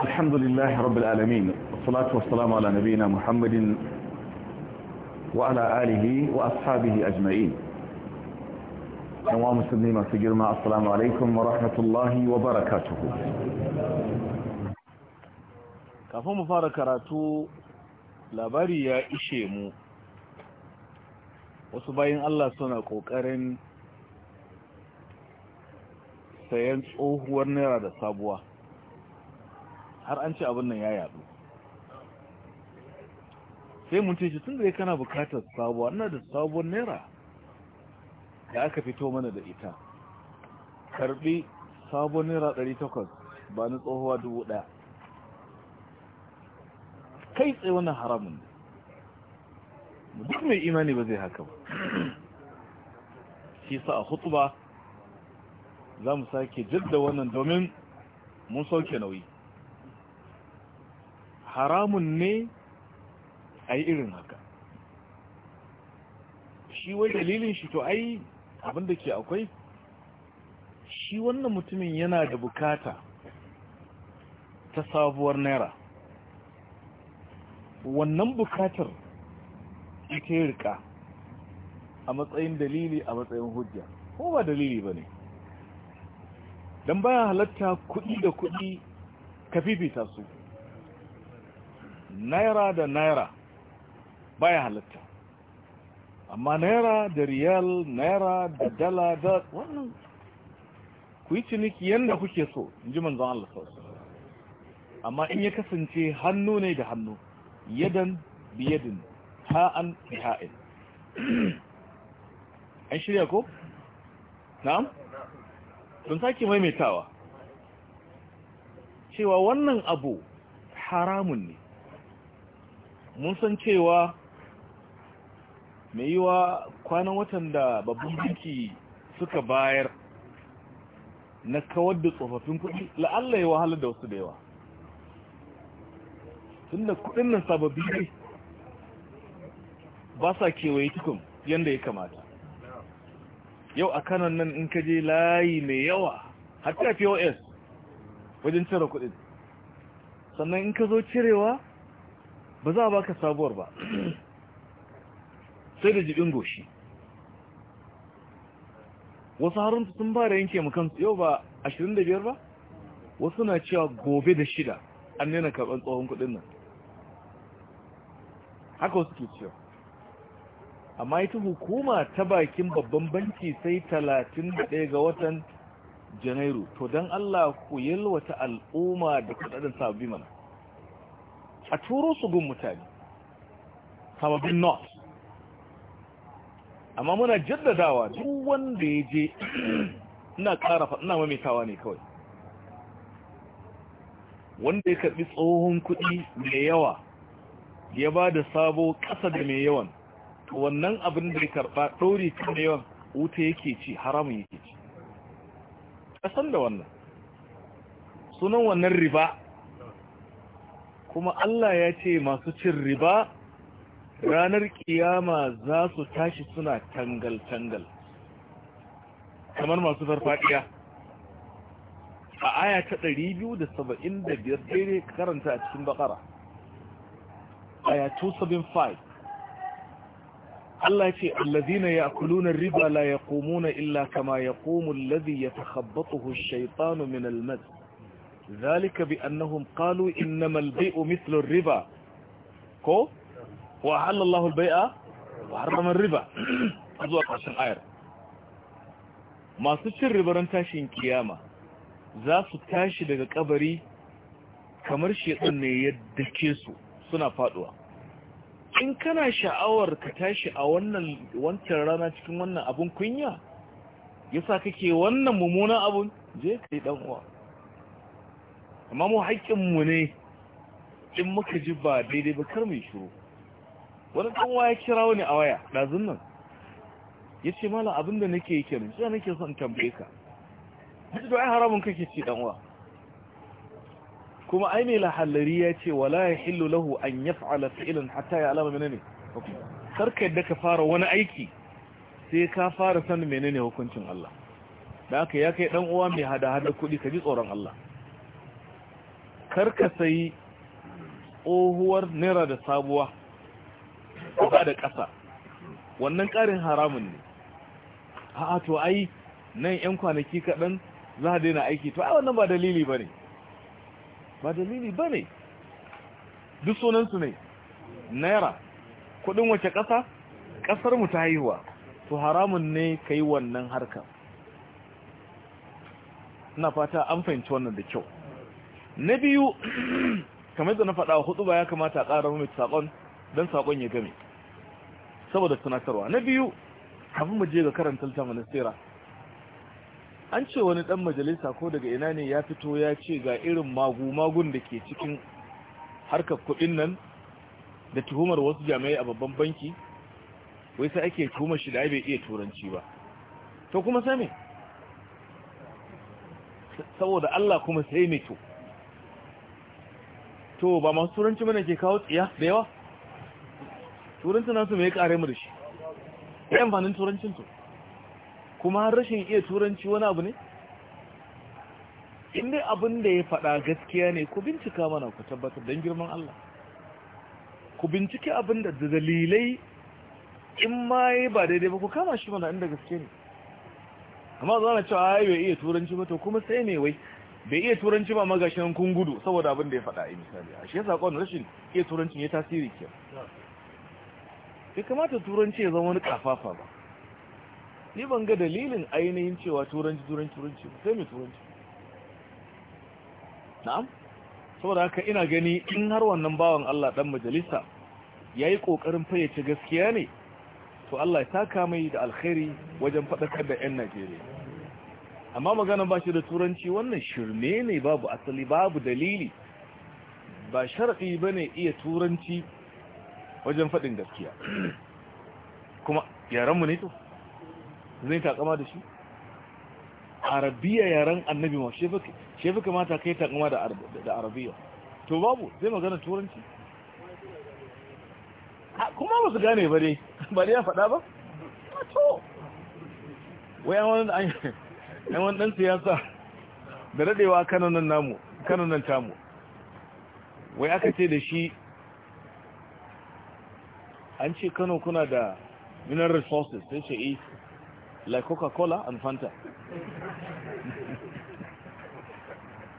الحمد لله رب العالمين والصلاة والسلام على نبينا محمد وعلى آله وأصحابه أجمعين نوام السلام سجرنا السلام عليكم ورحمة الله وبركاته كفو مفارك لباري يا إشيمو وصباين الله سنة قوكرين سينس ورنرادة صابوه har an ce abin nan ya yadu sai mun ce tun da ya kana bukatar sabuwa na da sabuwar naira da aka fito mana da ita karbi sabuwar naira 800 ba ni tsohuwa 1000 kai tsaye wannan haramun duk mai imani ba zai haka ba shi sa a hutu ba za mu sake da wannan domin mun sauke nauyi haramun ne a yi irin haka shi wai dalilin shi to ai abinda ke akwai shi wannan mutumin yana da bukata ta sabuwar naira wannan bukatar ita yi rika a matsayin dalili a matsayin hujja ko ba dalili ba ne don baya halatta kuɗi da kuɗi ka fifita su naira da naira baya halitta, amma naira da riyal naira da dala da wannan ku yi ciniki yadda kuke so in ji manzon Allah sauransu amma in ya kasance hannu ne da hannu yadan biyadin ha'an ha'in an shirya ko? na'am? don sake maimaitawa cewa wannan abu haramun ne mun san cewa mai yiwa kwanan watan da babban banki suka bayar na kawar da tsofaffin kuɗi la'alla ya wahalar da wasu da yawa tun da kuɗin nan sababbi ne ba sa kewaye tukun yadda ya kamata yau a kanan nan in kaje layi mai yawa hatta pos wajen cire kuɗin sannan in ka zo cirewa ba za a baka sabuwar ba sai da jibin goshi wasu harunta sun ba da yanke kansu. yau ba 25 ba wasu na cewa gobe da shida an nuna karɓar tsohon kudin nan haka wasu ke cewa amma ita hukuma ta bakin babban banki sai 31 ga watan janairu to don allah ku yalwata al'umma da kudaden sabbi mana a turo su gun mutane sababin north amma muna jaddadawa duk wanda ya je ina ƙara ina mamitawa ne kawai wanda ya karɓi tsohon kuɗi mai yawa ya ba da sabo ƙasa da mai yawan to wannan abin da ya karɓa ɗori ta mai yawan wuta yake ci haramun yake ci ƙasan da wannan sunan wannan riba kuma Allah ya ce masu cin riba ranar kiyama za su tashi suna tangal-tangal kamar masu farfadiya a aya ta 275 daidai karanta a cikin bakara aya 275 Allah ce allazina ya'kuluna riba la yaqumuna illa kama yaqumu allazi yatakhabbathu ash-shaytanu min al-mas ذلك بأنهم قالوا إنما البيء مثل الربا كو وأحل الله البيء وحرم الربا أزوى قرشن آير ما سوشن ربران تاشين كياما ذا ستاشي daga kabari kamar shedan ne ya dake su suna faduwa in kana sha'awar ka tashi a wannan wancan rana cikin wannan abun kunya yasa kake wannan mummunan abun je amma mu mu ne in muka ji ba daidai ba kar mu shiru wani ɗan waya kira wani a waya ɗazun nan ya ce malam abinda da nake yi kenan sai nake son tambaye ka duk da ai haramun kake ci ɗan wa kuma ai mai lahallari ya ce wala ya hillu lahu an fa'ala fi'lan hatta ya alama menene kar ka yadda ka fara wani aiki sai ka fara san menene hukuncin Allah da haka ya kai dan uwa mai hada hada kuɗi ka ji tsoron Allah karka sayi tsohuwar naira da sabuwa ƙasa da ƙasa wannan ƙarin haramun ne a to ai nan 'yan kwanaki kaɗan za a daina aiki to ai wannan ba dalili ba ne ba dalili ba ne duk sunansu ne naira kudin wace ƙasa ƙasar mu ta haihuwa to haramun ne ka yi wannan harka na fata an fahimci wannan da kyau na biyu kamar da na faɗa hudu ba ya kamata a ƙara mai saƙon don saƙon ya game saboda tunatarwa na biyu kafin mu je ga karanta littafin sira an ce wani ɗan majalisa ko daga ina ne ya fito ya ce ga irin magu-magun da ke cikin harkar kuɗin nan da tuhumar wasu jami'ai a babban banki wai sai ake tuhumar shi da ai bai iya turanci ba to kuma sai me saboda Allah kuma sai me to to ba masu turanci mana ke kawo tsiya da yawa turanci nasu mai kare mu da shi ɗayan fanin turancin to kuma rashin iya turanci wani abu ne inda abin da ya faɗa gaskiya ne ku bincika mana ku tabbatar don girman Allah ku bincike abin da dalilai in ma yi ba daidai ba ku kama shi mana inda gaske ne amma zuwa na cewa ya iya turanci ba to kuma sai mai wai bai iya turanci ba magashin kun gudu saboda abin da ya faɗa a misali a shi ya saƙon rashin iya turancin ya tasiri ke Ya kamata turanci ya zama wani kafafa ba ni ban ga dalilin ainihin cewa turanci turanci turanci sai mai turanci na'am saboda haka ina gani in har wannan bawan Allah dan majalisa yayi kokarin fayyace gaskiya ne to Allah ya taka mai da alkhairi wajen faɗakar da 'yan Najeriya amma magana ba shi da turanci wannan shirme ne babu asali babu dalili ba sharaɗi ba ne iya turanci wajen faɗin gaskiya kuma yarenmu ne to zai takama da shi arabiya yaren annabi ma shefi kamata kai takama da arabiya to babu zai magana turanci kuma ba su gane ba dai ba dai ya faɗa ba wato wayan wani da an yan wani dan siyasa da daɗewa kanonan namu kanonan tamu wai aka ce da shi an ce kano kuna da mineral resources sai ce eh like coca-cola and fanta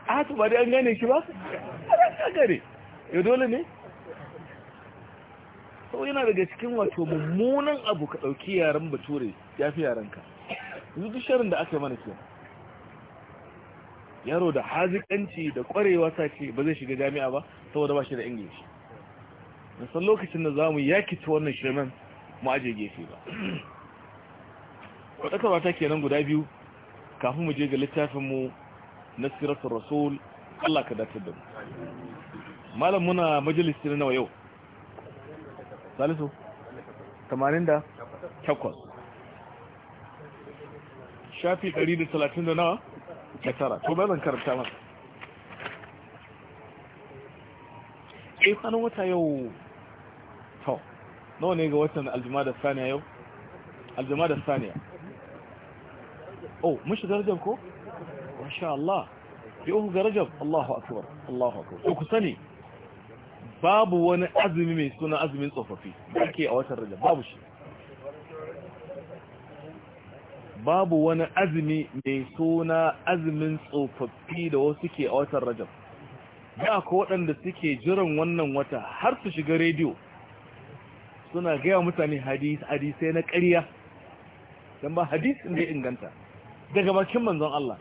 a hatu ah, ba dai an gane shi ba a gare ya eh, dole ne sau yana daga cikin wato mummunan abu ka ɗauki yaren bature ya fi yarenka yanzu duk sharin da aka yi mana kenan yaro da hazikanci da kwarewa ta ce ba zai shiga jami'a ba saboda ba shi da ingilishi san lokacin da za mu ta wannan shirmen mu aje gefe ba wadatarwa ta kenan guda biyu kafin mu je ga littafinmu na siratul rasul Allah ka datar da mu malam muna majalis nawa yau salisu 88 shafi 130 da nawa da tara to ba zan karanta masa eh sanin wata yau to nawa ne ga watan aljuma da saniya yau aljuma da saniya oh mushi darajar ko masha Allah yau ga rajab Allahu akbar Allahu akbar to ku sani babu wani azumi mai suna azumin tsofaffi da ke a watan rajab babu shi babu wani azumi mai suna azumin tsofaffi da wasu ke a watan rajab da ko waɗanda suke jiran wannan wata har su shiga rediyo suna gaya mutane hadisai na ƙarya don ba hadisin da inganta daga bakin manzon Allah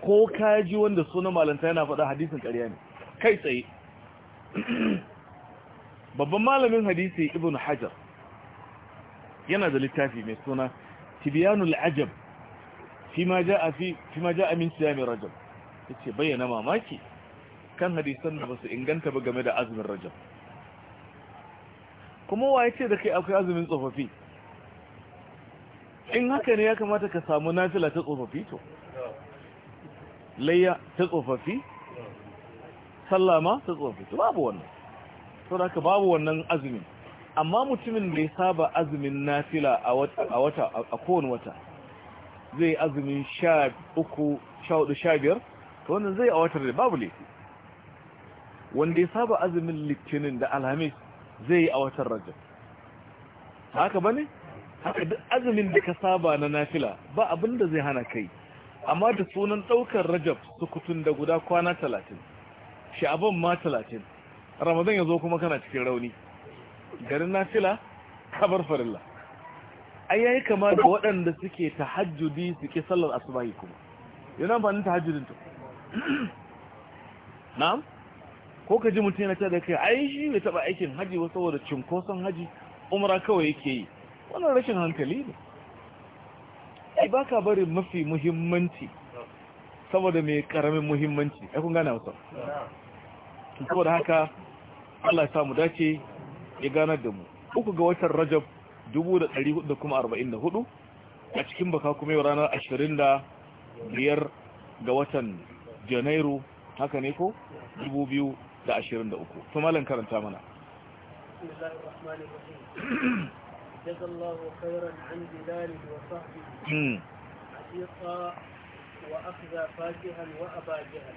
ko kaji wanda suna malanta yana faɗa hadisin ƙarya ne kai tsaye babban malamin hadisi ibn hajar yana da littafi mai suna tibiyanul biya ni ja'a fi fima ja'a min siyami rajab yace bayyana mamaki kan hadisan da basu inganta ba game da azumin rajab kuma wa ce da kai akwai azumin tsofaffi in haka ne ya kamata ka samu nafila ta tsofaffi to layya ta tsofaffi sallama ta tsofaffi to babu wannan saboda haka babu wannan azumin amma mutumin da ya saba azumin nafila a wata a kowane wata zai azumin sha uku sha hudu sha biyar ta wannan zai a watar da babu laifi wanda ya saba azumin litinin da alhamis zai yi a watan rajab haka bane haka duk azumin da ka saba na nafila ba abin da zai hana kai amma da sunan daukar rajab sukutun da guda kwana talatin sha'aban ma talatin ramadan ya zo kuma kana cikin rauni garin nafila kabar farilla ai yayi kama da waɗanda suke tahajjudi suke sallar asubahi kuma yana amfani tahajjudin to na'am ko ka ji mutum yana ta da kai ai shi bai taba aikin haji ba saboda cinkoson haji umra kawai yake yi wannan rashin hankali ne ai baka bari mafi muhimmanci saboda mai karamin muhimmanci ai kun gane wasu saboda haka Allah ya samu dace ya ganar da mu uku ga watan rajab 1444 a cikin baka kuma ranar 25 ga watan janairu haka ne ko 2023 to malam karanta mana جزا الله خيرا عن بلال وصحبه عتيقا وأخذ فاكها وأبا جهل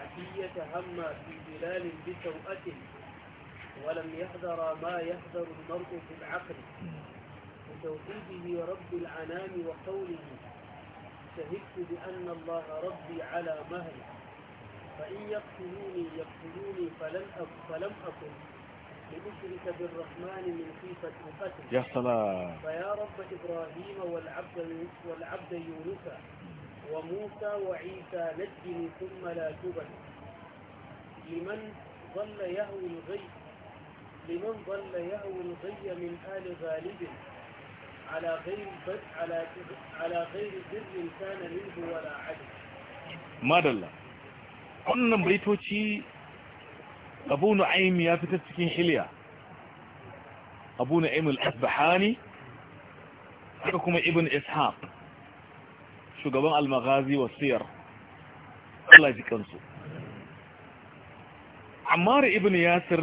عتية هم في بلال بسوءة ولم يحذر ما يحذر المرء في العقل بتوحيده رب العنام وقوله شهدت بأن الله ربي على مهل فإن يقتلوني يقتلوني فلم أكن فلم أكن لأشرك بالرحمن من خيفة القتل يا سلام فيا رب إبراهيم والعبد والعبد يونس وموسى وعيسى نجني ثم لا تبل لمن ظل يهوي الغيث لمن ضل يهوي الغي من آل غالب على غير على على غير بر كان منه ولا عدل ما wannan baitoci abu nu'aym ya fitar cikin hilya abu nu'aym al-asbahani haka kuma ibn ishaq shugaban al-maghazi wa siyar Allah ji kansu Ammar ibn Yasir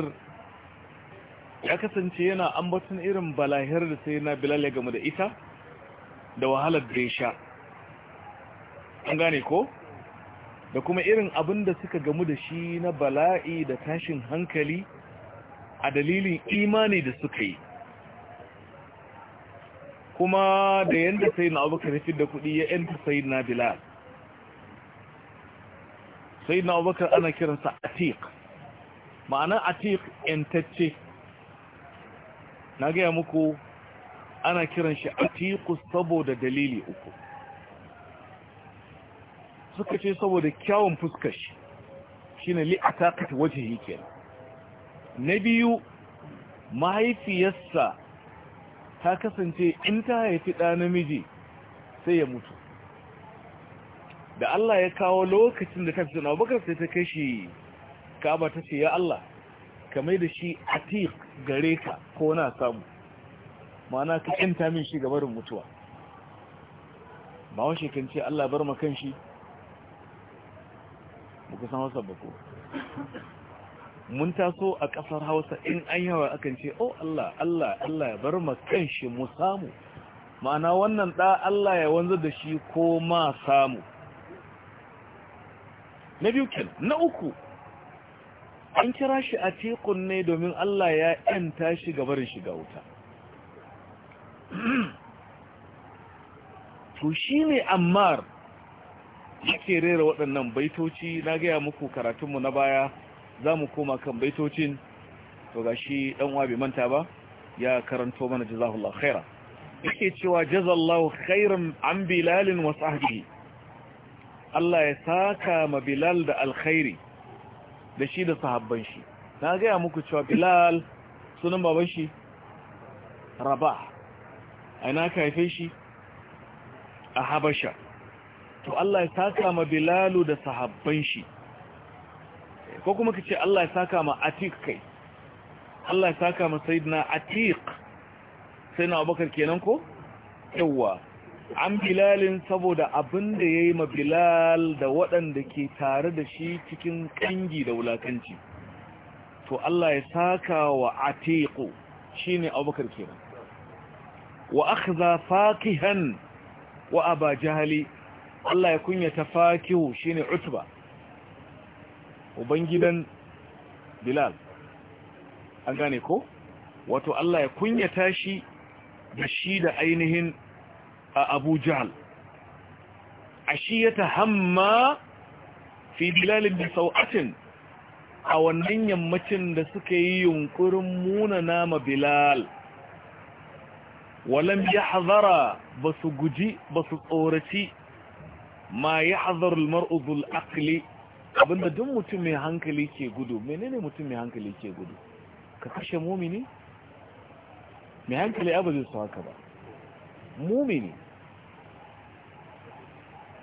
ya kasance yana ambaton irin balahir da sai na bilal ya gamu da ita da wahalar da sha an gane ko da kuma irin abin da suka gamu da shi na bala'i da tashin hankali a dalilin imani da suka yi kuma da yadda sai na abu fi da kudi ya yanta sai na bilal sai na abu ana kiransa atik ma'ana atik yantacce na gaya muku ana kiran shi atiku saboda dalili uku suka ce saboda kyawun fuskar shi shine li waje wajhihi ke. na biyu mahaifiyarsa ta kasance in ta haifi ɗa namiji sai ya mutu da Allah ya kawo lokacin da ta fi suna bakar sai ta kashi kaba ta ce ya Allah Ka mai da shi atiq gare ka ko na samu ma'ana ka yanta min shi gabarin mutuwa ba wani kan ce Allah bar ma kan shi ba san hausa ba ko mun taso a ƙasar hausa in an yawa akan ce oh Allah Allah Allah ya bar ma kan shi mu samu ma'ana wannan ɗa Allah ya wanzar da shi ko ma samu na biyu na uku an kira shi a tekun ne domin Allah ya ‘yanta shi gabarin shiga wuta to shi ne ammar yake rera waɗannan baitoci na gaya muku karatunmu na baya za mu koma kan baitocin to ga shi ɗanwa bai manta ba ya karanto mana jazahullah khaira yake cewa jazallahu khairan an bilalin wasu Allah ya saka ma bilal da alkhairi da shi da sahabban shi na gaya muku cewa bilal sunan baban shi Raba. a na kaife shi a habasha to Allah ya saka ma bilalu da sahabban shi ko kuma ka ce Allah ya saka ma atiq kai Allah ya saka ma sayyidina atiq sai na abubakar kenan ko yawa an bilalin saboda abin da ya yi ma bilal da waɗanda ke tare da shi cikin ƙangi da wulakanci to Allah ya saka wa atiku shi ne abubakar ba. wa aka za fakihan wa aba jihali Allah ya kunyata fakihu shi ne utuba ubangidan bilal an gane ko wato Allah ya kunyata shi da shi da ainihin A shi ya ta hamma fi bilalin da sau'atin a wannan yammacin da suka yi yunkurin muna nama bilal walam ya hazara ba su guji ba su tsoraci ma ya hazar mar'uzul akli abinda duk mutum mai hankali ke gudu menene mutum mai hankali ke gudu ka kashe mumini mai hankali abu zai su haka ba mumini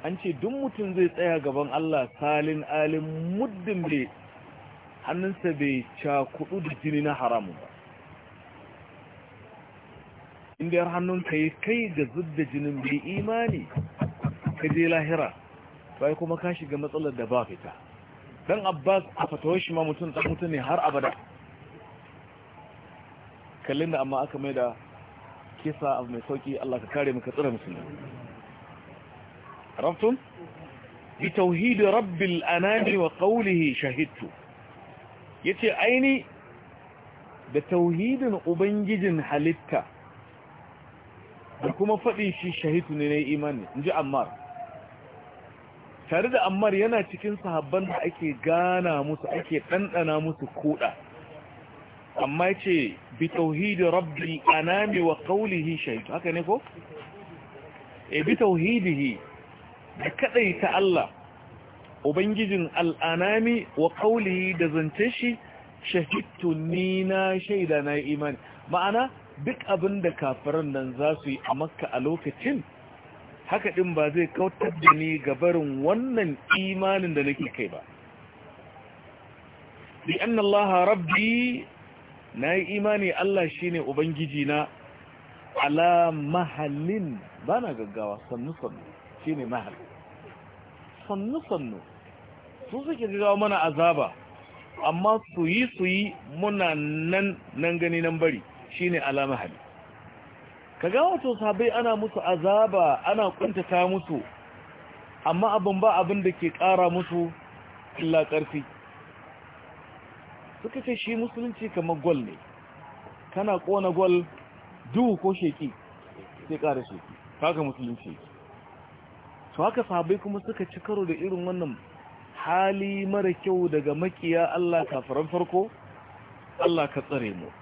an ce duk mutum zai tsaya gaban Allah salin alin muddin bai hannunsa bai ca cakudu da jini na haramun ba inda yar hannunka yi kai ga zudda jinin bai imani ka je lahira bai kuma ka shiga matsalar da ba fita dan abbas a fatawar shi ma mutum ɗan mutum ne har abada kallin da amma aka mai da kisa abu mai sauki allah ka kare maka tsira musulmi عرفتم بتوحيد رب الأنام وقوله شهدت يتي عيني بتوحيد أبنجد حلتك بكما فقي شي شهدت نيني إيماني نجي أمار tare da ammar yana cikin sahabban da ake gana musu ake ɗanɗana musu kuɗa amma ce bi tauhidi rabbi anami wa qawlihi shahid haka ne ko e bi tauhidihi da kadai ta Allah ubangijin al'anami wa qawlihi da zance shi shahidtu ni na shaida na imani ma'ana duk abin da kafiran nan za su yi a makka a lokacin haka din ba zai kautar da ni ga barin wannan imanin da nake kai ba bi annallaha rabbi na imani Allah shi ne Ubangiji na ala mahallin bana gaggawa sannu sannu shi mahallin sannu-sannu su suke jawo mana azaba amma su yi su yi muna nan nan gani nan bari shi ne alama hali gawa wato sabai ana musu azaba ana kuntata musu amma abin ba abin da ke kara musu illa karfi suka ce shi musulunci kamar gwal ne kana kona gwal duhu ko sheki sai kara sheki haka musulunci to haka sahabbai kuma suka ci karo da irin wannan hali mara kyau daga makiya Allah faran farko Allah ka tsare mu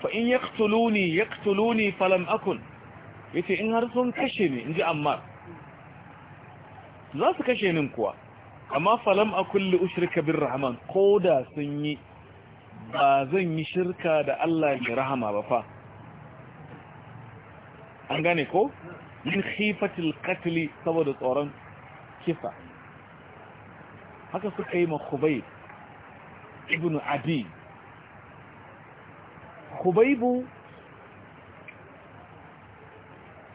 fa in yaqtuluni yaqtuluni falam akun yace in har sun kashe ni inji amma za su kashe ni kuwa amma falam akun li ushrika bir rahman koda sun yi ba zan yi shirka da Allah mai rahama ba fa an gane ko min khifatil qatl saboda tsoron kisa haka suka yi ma Khubayb ibn abi Khubaybu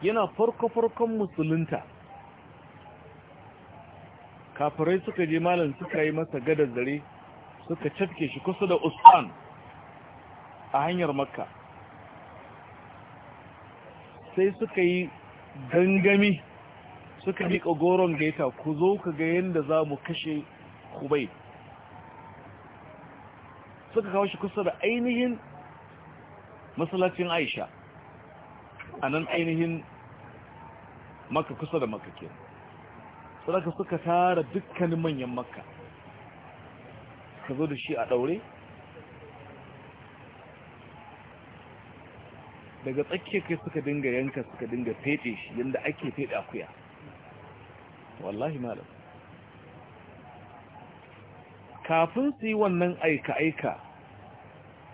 yana farko-farkon musulunta kafirai suka je malam suka yi masa gadar zare suka cafke shi kusa da usman a hanyar makka sai suka yi gangami suka miƙa goron gaita ku zo ka ga yadda za mu kashe kubai suka kawo shi kusa da ainihin masallacin aisha a nan ainihin maka kusa da maka ke suka tara dukkanin manyan maka ka zo da shi a ɗaure daga tsakiyar kai suka dinga yanka suka dinga fete shi yadda ake fete akuya wallahi malam kafin su yi wannan aika-aika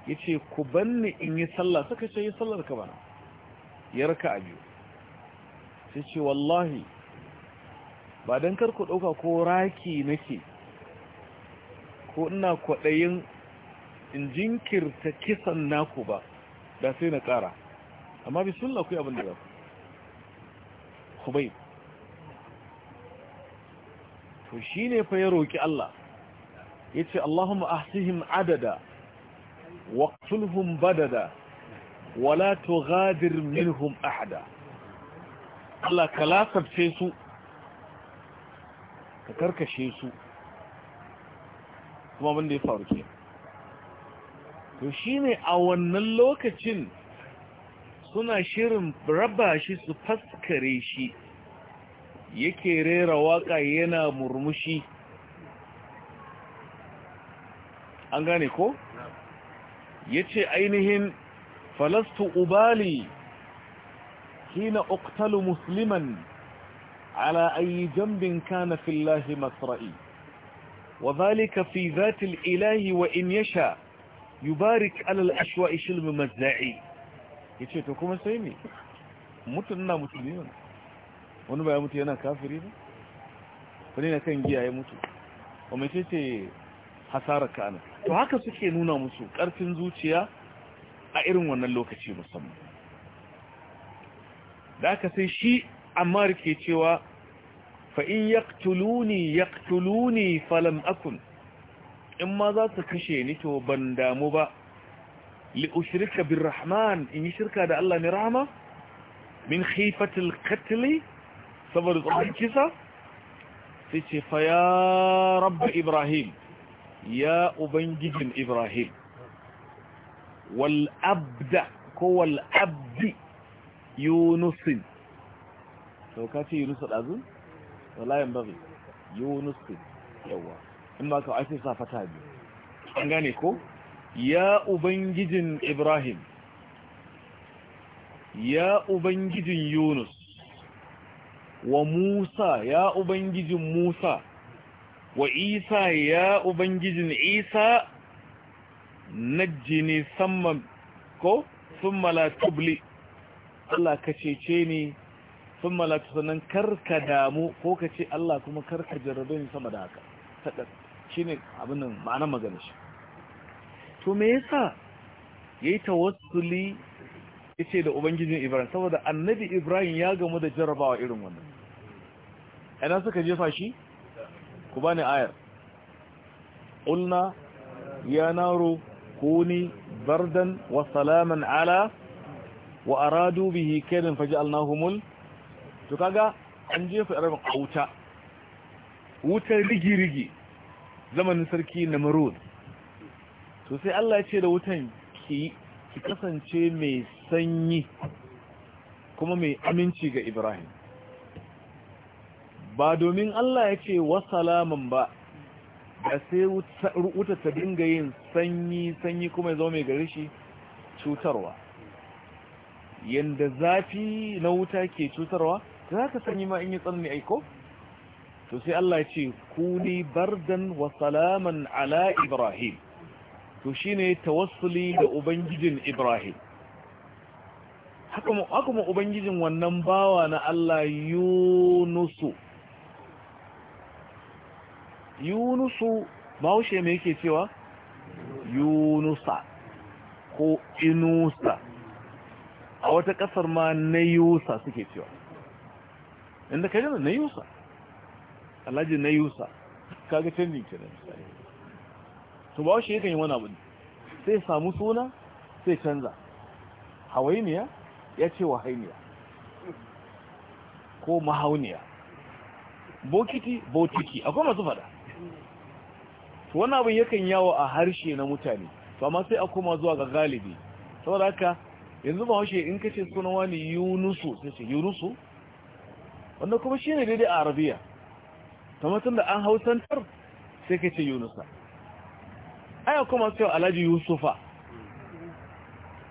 ya ce ku banni in yi sallah suka ce yi tsallar ka bana ya raka a biyu Ya ce wallahi ba don karku ɗauka ko raki nake ko ina kwaɗayin in jinkirta kisan naku ba da sai na ƙara amma bisun akwai abin da ya ku bai to shi ne fa ya roƙi Allah ya ce Allahumma ahsihim adada waqtulhum badada wala tughadir minhum ahada Allah ka lasafce su ka karkashe su kuma abin da ya faru ke to shi ne a wannan lokacin suna shirin raba shi su faskare shi yake rera waka yana murmushi an gane ko? ya ce ainihin falastu ubali hina uktalu musliman على أي جنب كان في الله مصرئي وذلك في ذات الإله وإن يشاء يبارك على الأشواء شلم مزاعي ya ce to kuma sai ne mutum na musulmi ne wani ba mutu yana kafiri ne. wani na kan giya ya mutu wa mai ce hasarar ka ana to haka suke nuna musu karfin zuciya a irin wannan lokaci musamman da aka sai shi amma rike cewa fa in yaktuluni yaktuluni falam akun in ma za su kashe ni to ban damu ba لأشرك بالرحمن إن يشرك هذا الله نرحمه من خيفة القتل سبب طبعا كسا سيتي فيا رب إبراهيم يا أبنجد إبراهيم والأبد كو الأبد يونس لو كاتي يونس الأذن ولا ينبغي يونس يوا إما كو عيسي صافتها بي أنغاني كو ya ubangijin ibrahim ya ubangijin yunus wa musa ya ubangijin musa wa isa ya ubangijin isa najjini samman ko sun malatubli Allah ka cece ne. sun malatu sannan karka damu ko ka ce Allah kuma karka jarrabe ni sama da haka shi ne abinin ma'anar magana shi to me yasa yayi tawassuli yace da ubangijin Ibrahim saboda annabi Ibrahim ya gamu da jarrabawa irin wannan ana suka jefa shi ku bani ayar qulna ya naru kuni bardan wa salaman ala wa aradu bihi kadan faj'alnahumul to kaga an jefa irin auta wutar rigi-rigi zamanin sarki Namrud to sai Allah ya ce da wutan ki kasance mai sanyi kuma mai aminci ga Ibrahim ba domin Allah ya ce wa salaman ba da sai wuta ta dinga yin sanyi sanyi kuma ya zo mai gari shi cutarwa yanda zafi na wuta ke cutarwa za ka sanyi ma in yi tsanni aiko to sai Allah ya ce kuni bardan wa salaman ala Ibrahim to shine tawassuli da ubangijin Ibrahim haka mu mu ubangijin wannan bawa na Allah Yunusu Yunusu bawushe me yake cewa Yunusa ko Inusa a wata kasar ma na Yusa suke cewa inda kaje na Yusa Alhaji na Yusa kaga canjin kenan misali to ba shi yakan yi wani abu sai samu suna sai canza hawainiya ya ce hainiya ko mahauniya bokiti bokiti akwai masu fada wani abu yakan yawo a harshe na mutane to amma sai a koma zuwa ga galibi saboda haka yanzu ba haushe in kace suna wani yunusu sai ce yunusu wanda kuma shi ne daidai a arabiya kamar tun da an hausantar sai kace yunusa aya kuma cewa alhaji yusufa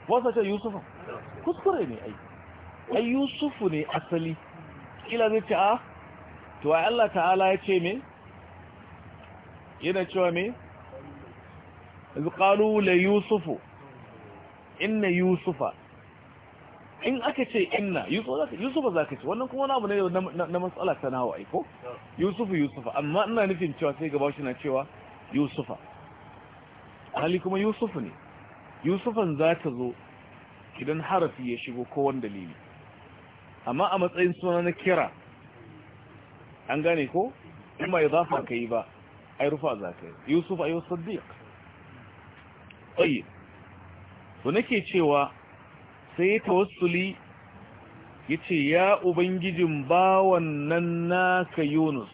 wasa ce yusufa kuskure ne ai ai yusufu ne asali kila zai ce a ah, to ai Allah ta'ala ya ce me yana cewa me iz qalu la yusufu inna yusufa in aka ce inna yusufa za ka ce wannan kuma wani abu ne na matsala ta nawa aiko yusufu yusufa amma ina nufin cewa sai gaba shi na cewa yusufa hali kuma yusuf ne yusufan za ta zo idan harafi ya shigo kowane dalili amma a matsayin suna na kira an gane ko in ba idafa ka yi ba ai rufa za ka yi yusuf yi saddiq tsaye to nake cewa sai ya tawassuli ya ce ya ubangijin bawan nan naka yunus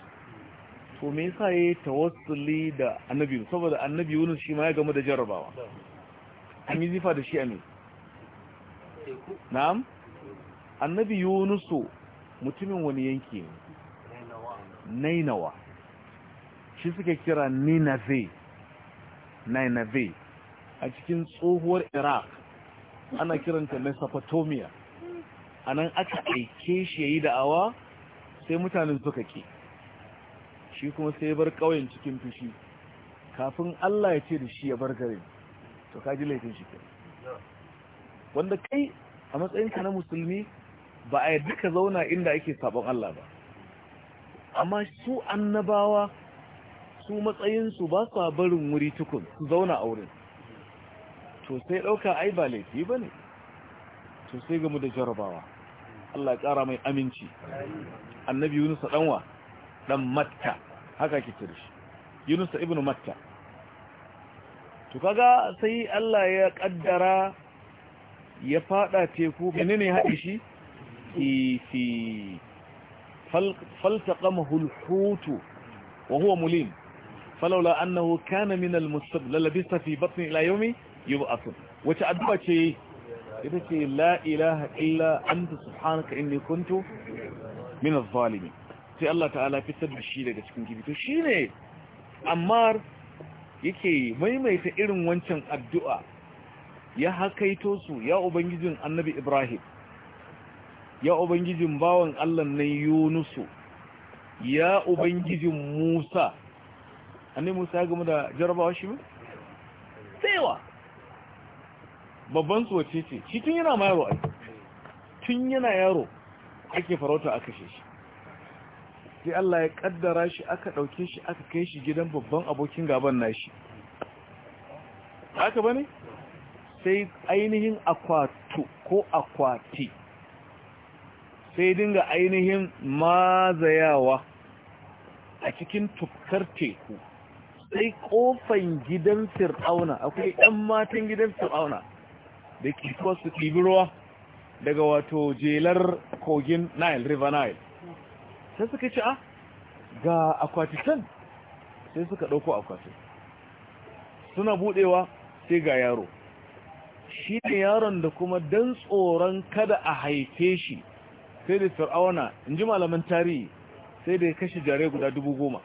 to me yasa yayi tawassuli da annabi saboda annabi wani shi ma ya gama da jarrabawa an yi zifa da shi a ne na'am annabi Yunusu mutumin wani yanki ne nainawa shi suke kira ninave ninave a cikin tsohuwar iraq ana kiranta mesopotamia a nan aka aike shi ya yayi da'awa sai mutanen suka ke shi kuma sai bar ƙauyen cikin fushi kafin Allah ya ce da shi ya bar garin to ka ji laifin shi wanda kai a matsayinka na musulmi ba a yadda ka zauna inda ake sabon Allah ba amma su annabawa su matsayinsu ba sa barin wuri tukun su zauna a wurin to sai ɗauka ai ba laifi ba ne to sai gamu da jarabawa Allah ya ƙara mai aminci annabi yunus ɗanwa ɗan matta haka kitar shi yunusa ibn matta to kaga sai Allah ya kaddara ya fada teku menene ya haɗe shi fi fi faltaqamahu al wa huwa mulim falawla annahu kana min al-mustab lalabista fi batni ila yawmi yub'ath wa ta'adduba ce yace la ilaha illa anta subhanaka inni kuntu min adh-dhalimin sai Allah ta'ala fitar da shi daga cikin gidi to ne, Ammar yake maimaita irin wancan addu'a ya hakaito su ya ubangijin Annabi Ibrahim ya ubangijin bawan Allah na Yunusu ya ubangijin Musa annabi Musa ya gama da jarabawa shi ne tsewa babban suwa ce ce shi tun yana mayarwa tun yana yaro ake farauta a kashe shi sai Allah ya kaddara shi aka dauke shi aka kai shi gidan babban abokin gaban nashi haka bane sai ainihin akwatu ko akwati sai dinga ainihin mazayawa a cikin tufkar teku sai kofan gidan fir'auna akwai ɗan matan gidan fir'auna da ke su ɗibi daga wato jelar kogin nile river nile sai suka ce a ah, ga akwatitan sai suka ɗauko akwatin suna buɗewa sai ga yaro shi ne yaron da kuma don tsoron kada a haife shi sai da fir'auna in ji malaman tarihi sai da ya kashe jare guda dubu goma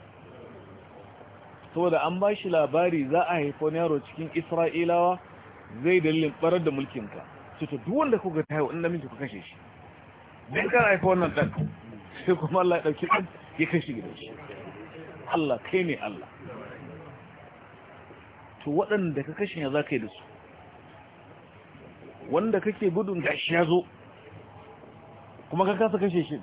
saboda an ba shi labari za a haifo yaro cikin isra'ilawa zai dalilin barar da mulkinka su ta duwanda kuka ta haifu inda minti ku kashe shi don kan haifo wannan ɗan sai kuma Allah ya ɗauki ɗan ya kai shi gidan shi Allah kai ne Allah to waɗanda ka kashe ya za ka yi da su wanda kake gudun gashi ya zo kuma ka kasa kashe shi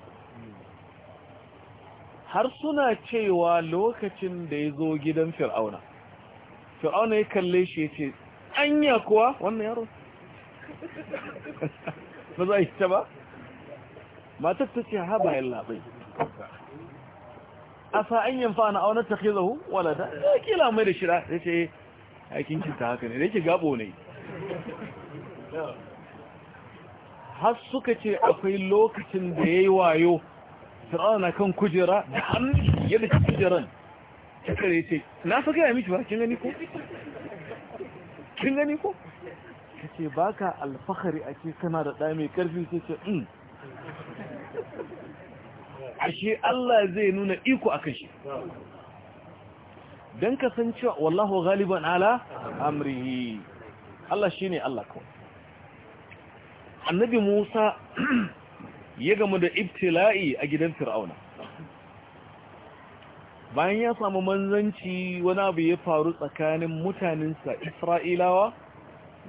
har suna cewa lokacin da ya zo gidan fir'auna fir'auna ya kalle shi ya ce anya kuwa wannan yaro ba za a yi ta ba ما تكتشي هبا إلا طيب أفا أن ينفع أو نتخذه ولا ذا لكن لا مير الشراء ليس إيه لكن كنت هكذا ليس قابوني حسوك أفي اللوك تندي وايو فرانا كان كجرة دعم يدك كجرة شكرا ليس نافك يا ميش بها كنغنيكو كنغنيكو كتي باكا الفخري أكي سنارة دائمي كرفي سيسي ashe Allah zai nuna iko a kashi don kasancewa wallahu galiban ala amrihi Allah shi ne Allah kawai annabi Musa ya gamu da ibtila'i a gidan fir'auna bayan ya samu manzanci wani abu ya faru tsakanin mutanensa isra'ilawa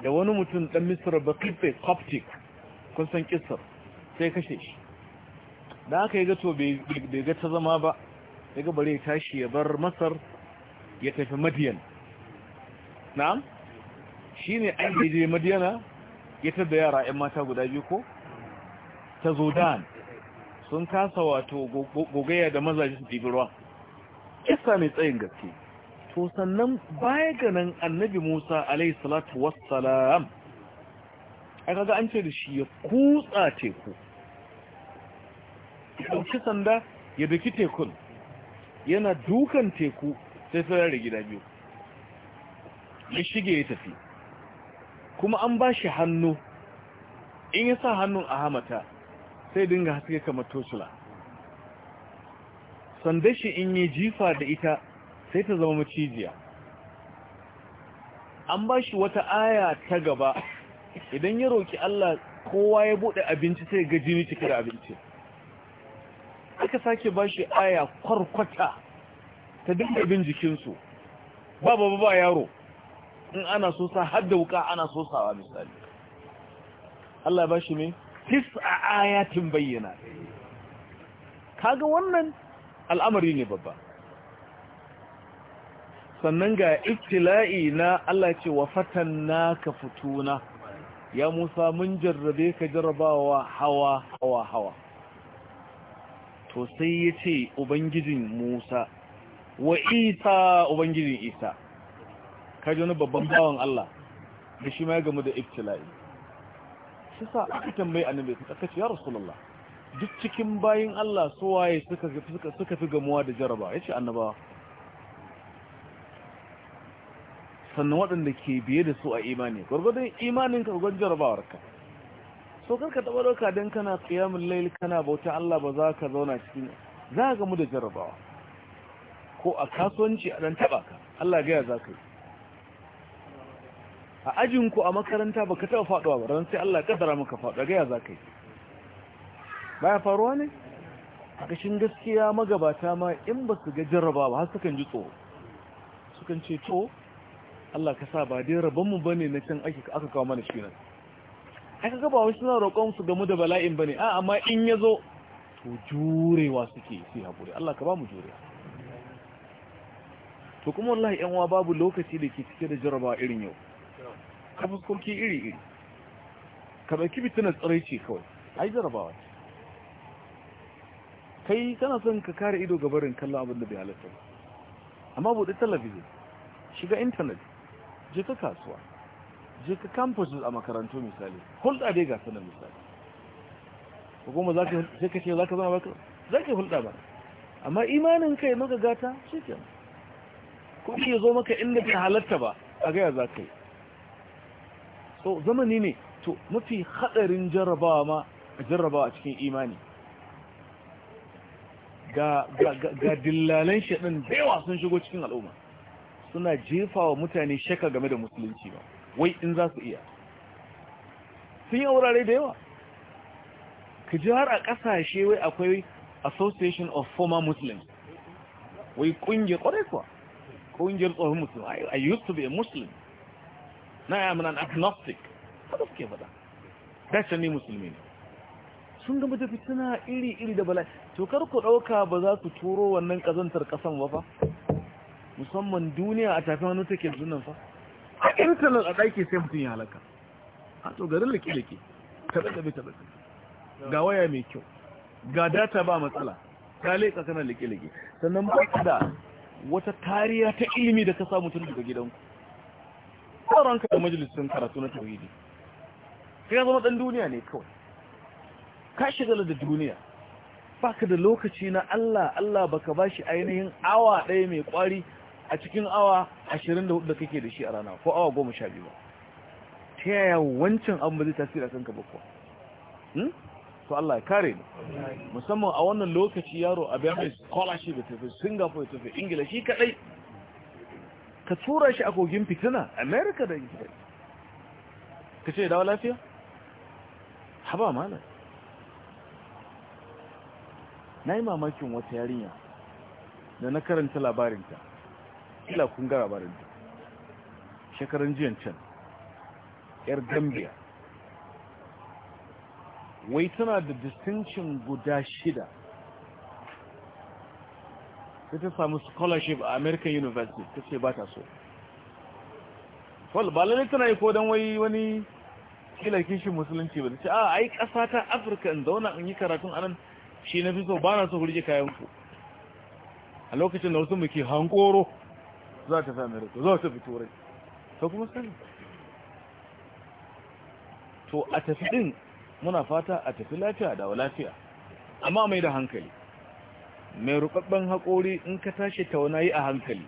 da wani mutum ɗan misir bakifai coptic kun san kisar sai kashe shi da aka yi gato bai ga ta zama ba ya ga bare tashi ya bar masar ya tafi madiyan na'am shi ne an je madiyana ya tada yara 'yan mata guda biyu ko ta zodan sun kasa wato gogaya da mazaje su ɗibi kisa mai tsayin gaske to sannan baya ganin annabi musa alaihi salatu salam aka ga an ce da shi ya kutsa teku ya ɗauki sanda ya daki tekun yana dukan teku sai sai da gida biyu ya shige ya tafi kuma an ba shi hannu in ya sa hannun a hamata sai dinga haske kamar tosula sanda shi in yi jifa da ita sai ta zama macijiya an ba shi wata aya ta gaba idan ya roƙi Allah kowa ya buɗe abinci sai ga jini cike da abinci aka sake ba shi aya kwarkwata ta dinga bin jikinsu ba ba ba yaro in ana so sa har da wuka ana so sawa misali Allah ba shi ne tis'a ayatin bayyana kaga wannan al'amari ne babba sannan ga ibtila'i na Allah ce wa fatanna ka fituna ya Musa mun jarrabe ka jarrabawa hawa hawa hawa to sai ya ce ubangijin musa wa isa ubangijin isa kaji wani babban bawan Allah da shi ma ya gama da iftila'i shi sa aka tambayi annabi ta ce ya rasulullah duk cikin bayin Allah su waye suka fi gamuwa da jaraba Ya ce annaba sannan waɗanda ke biye da su a imani gurgurdan imanin ka jarabawar jarabawarka so ka taba dauka dan kana qiyamul layl kana bauta Allah ba za ka zauna cikin za ka mu da jarabawa ko a kasuwanci a dan taba ka Allah ga ya ka yi a ajin ku a makaranta baka taba faduwa ba ran sai Allah kaddara maka faduwa ga ya ka yi baya faruwa ne kashin gaskiya magabata ma in ba su ga jarabawa har sukan ji tsoro sukan ce to Allah ka sa ba dai rabon mu bane na can aka kawo mana shi nan aka gaba wasu suna roƙon su game da bala'in ba ne a amma in ya zo to jurewa suke sai haƙuri Allah ka ba mu jurewa to kuma wallahi yan uwa babu lokaci da ke cike da jaraba irin yau ka fuskoki iri iri ka ɗauki bitina tsirai ce kawai a yi jarabawa ce kai kana son ka kare ido ga barin kallon abin da bai halatta ba amma buɗe talabijin shiga intanet je ka kasuwa je ka campuses a makarantu misali hulɗa dai ga sanar misali hukuma za ka sai ka ce za ka zama ba za ka hulɗa ba amma imanin kai maka gata shi ke ko ke zo maka inda ka halatta ba a gaya za ka yi so zamani ne to mafi haɗarin jarrabawa ma a jarrabawa a cikin imani ga dillalan shaɗin baiwa sun shigo cikin al'umma suna jefa wa mutane shaka game da musulunci ba wai in za su iya sun yi wurare da yawa ka ji har a ƙasashe wai akwai association of former muslims wai ƙungiyar ƙwarai kuwa ƙungiyar tsohon muslim i used to be a muslim na i am an agnostic kada suke bada dace ne musulmi ne sun gama da fitina iri-iri da bala'i to kar ku ɗauka ba za ku turo wannan ƙazantar ƙasan ba fa musamman duniya a tafi wani take zunan fa a intanet a ɗaki sai mutum ya halaka a to garin lake-lake taɓe-taɓe-taɓe ga waya mai kyau ga data ba matsala ta leƙa kanan lake-lake sannan ba da wata kariya ta ilimi da ka samu tun daga gidanku tsaron ka da majalisun karatu na tauhidi sai ya zama ɗan duniya ne kawai ka shigala da duniya baka da lokaci na Allah Allah baka bashi ainihin awa ɗaya mai kwari a cikin awa 24 da kake da shi a rana ko awa 12 ba ta yaya wancan abin ba zai tasiri a kanka ba kuwa hmm? to Allah ya kare ni musamman a wannan lokaci yaro a biya mai scholarship da tafi singapore tafi ingila shi kadai ka tura shi a kogin fitina america da ingila ka ce dawa lafiya haba mana na yi mamakin wata yarinya da na karanta labarinta kila kun gara ba da shekarun jiyan can yar gambia wai tana da distinction guda shida ta ta samu scholarship a american university ta ce ba ta so ba lalai tana yi kodon wai wani kila kishin musulunci ba ta ce a ah, ai kasa ta afirka in zauna in yi karatun anan shi na fi so ba na so hurje kayan ku a lokacin da wasu muke hankoro za ta fi amerika za ta fi turai ta kuma sani to a tafi din muna fata a tafi lafiya da wa lafiya amma mai da hankali mai rubabban haƙori in ka tashi taunayi a hankali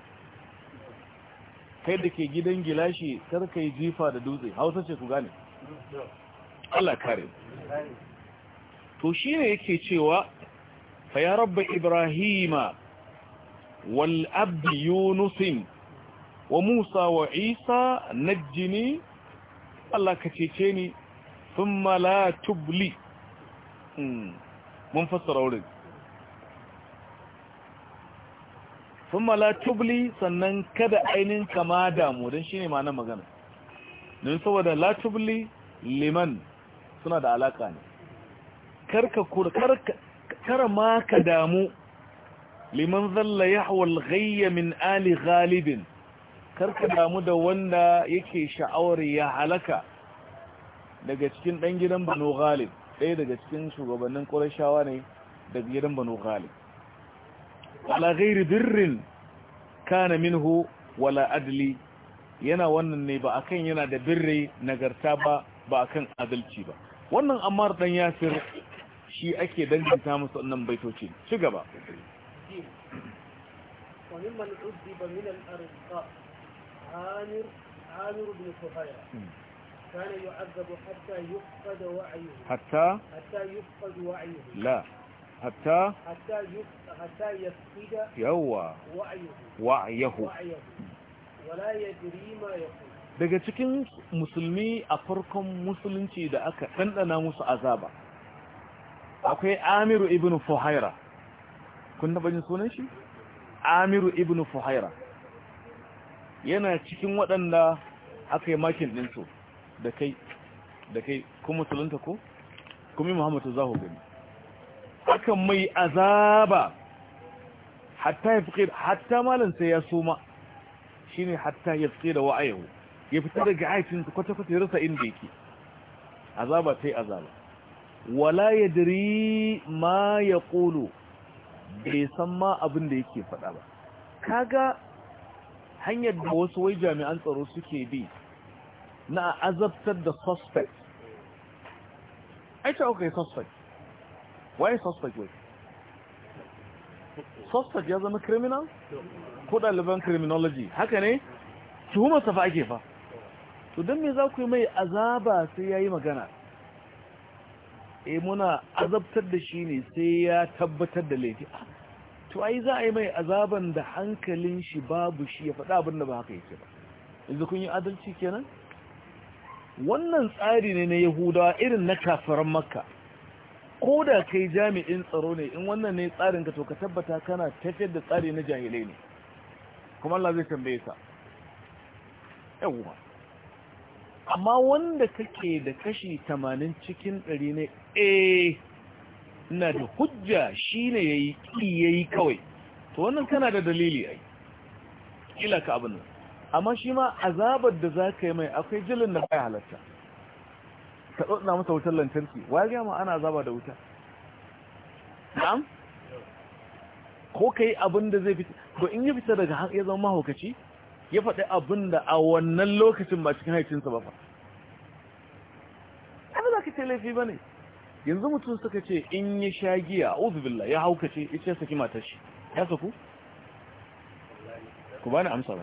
kai da ke gidan gilashi ka yi jifa da dutse hausa ce ku gane Allah kare to shi ne yake cewa fa ya rabba ibrahima والأب يونس وموسى وعيسى نجني الله كتيتيني ثم لا تبلي منفسر أولد ثم لا تبلي sannan kada ainin kama damu don shine ma'ana nan magana don saboda la liman suna da alaka ne kar ma ka damu liman zalla yahwal ghayya min ali kar ka damu da wanda yake sha'awar ya halaka daga cikin dan gidan Banu Ghalib dai daga cikin shugabannin Qurayshawa ne daga gidan Banu Ghalib ala birrin kana minhu wala adli yana wannan ne ba akan yana da birri nagarta ba ba akan adalci ba wannan Ammar dan Yasir shi ake danganta musu wannan baitoci ci gaba الدين وممن عذب من الأرقاء عامر عامر بن صهير كان يعذب حتى يفقد وعيه حتى حتى يفقد وعيه لا حتى حتى يفقد حتى يفقد يوا وعيه وعيه ولا يدري ما يقول daga cikin musulmi a farkon musulunci da aka ɗanɗana musu azaba akwai amiru ibn fuhaira kun taba jin sunan shi amiru ibn fuhaira yana cikin waɗanda aka yi makin ɗinsu da kai da kai kun musulunta ko kuma yi muhammadu za ku gani akan mai azaba hatta ya fi hatta malin sai ya suma shi ne hatta ya fi da wa'ayahu ya fita daga aikin kwata-kwata ya rasa inda yake azaba sai azaba wala ya diri ma ya ƙolo bai san ma abin da yake faɗa ba kaga hanyar da wasu wai jami'an tsaro suke bi na azabtar da suspect aita okay yi suspect why suspect wai suspect ya zama criminal ko ɗaliban criminology haka ne tuhumarsa fa ake fa to don me za ku yi mai azaba sai ya yi magana eh muna azabtar da shi ne sai ya tabbatar da laifi ah, to ai za a yi mai azaban da hankalin shi babu shi ya faɗa abin da ba haka yake ba yanzu kun yi adalci kenan wannan tsari ne na yahudawa irin na kafiran makka ko da kai jami'in tsaro ne in wannan ne tsarin ka to ka tabbata kana tafiyar da tsari na jahilai ne kuma Allah zai tambaye ka yawwa amma wanda kake da kashi tamanin cikin ɗari ne eh na da hujja shine yayi ki yayi kawai to wannan kana da dalili ai kila ka abin nan amma shi ma azabar da za ka yi mai akwai jilin da bai halatta ka tsotsina masa wutar lantarki waya ma ana azaba da wuta na'am ko ka yi abin da zai fita ko in yi fita daga ya zama mahaukaci ya faɗi abin da a wannan lokacin ba cikin haicinsa ba fa ana za ka ce laifi ba ne yanzu mutum suka ce in ya sha giya a uzubillah ya haukace ya ce saki matar shi ya saku? ku ba ni amsa ba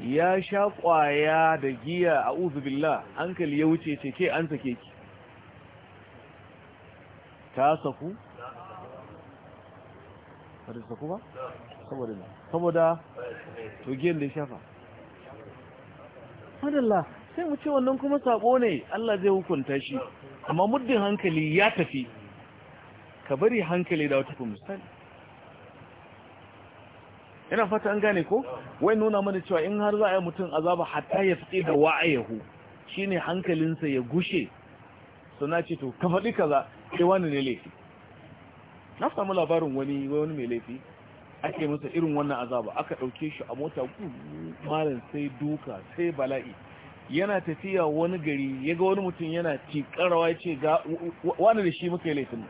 ya sha ƙwaya da giya a uzubillah hankali ya wuce ce ke an sake ki ta saku? ba da saku ba? saboda na togiyar da ya shafa madalla sai mu ce wannan kuma sabo ne Allah zai hukunta shi amma muddin hankali ya tafi ka bari hankali da wata kuma misali yana fata an gane ko wai nuna mana cewa in har za a yi mutum azaba hatta ya fi da wa'ayahu shine hankalinsa ya gushe suna ce to ka faɗi kaza sai wani ne laifi na samu labarin wani wani mai laifi ake masa irin wannan azaba aka ɗauke shi a mota malam sai duka sai bala'i yana tafiya wani gari ya ga wani mutum yana tikarawa ya ce ga wani da shi muka yi laifin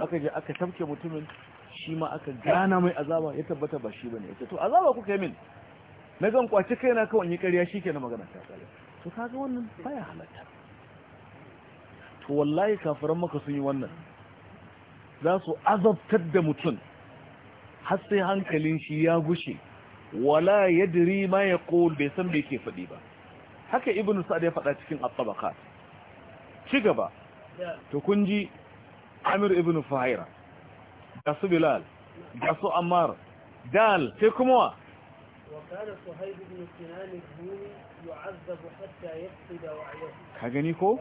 aka je aka tamke mutumin shi ma aka gana mai azaba ya tabbata ba shi bane ya to azaba kuka yi min na zan kwaci kaina ka wani ƙarya shi ke na magana ta tsale to kaga wannan baya halatta to wallahi kafiran maka sun yi wannan za su azabtar da mutum har sai hankalin shi ya gushe wala yadri ma yaqul bai san me yake faɗi ba haka ibnu sa'd ya faɗa cikin at-tabaqat ci gaba to kun ji amir ibnu fahira da su bilal da su ammar dal sai kuma wa Ka gani ko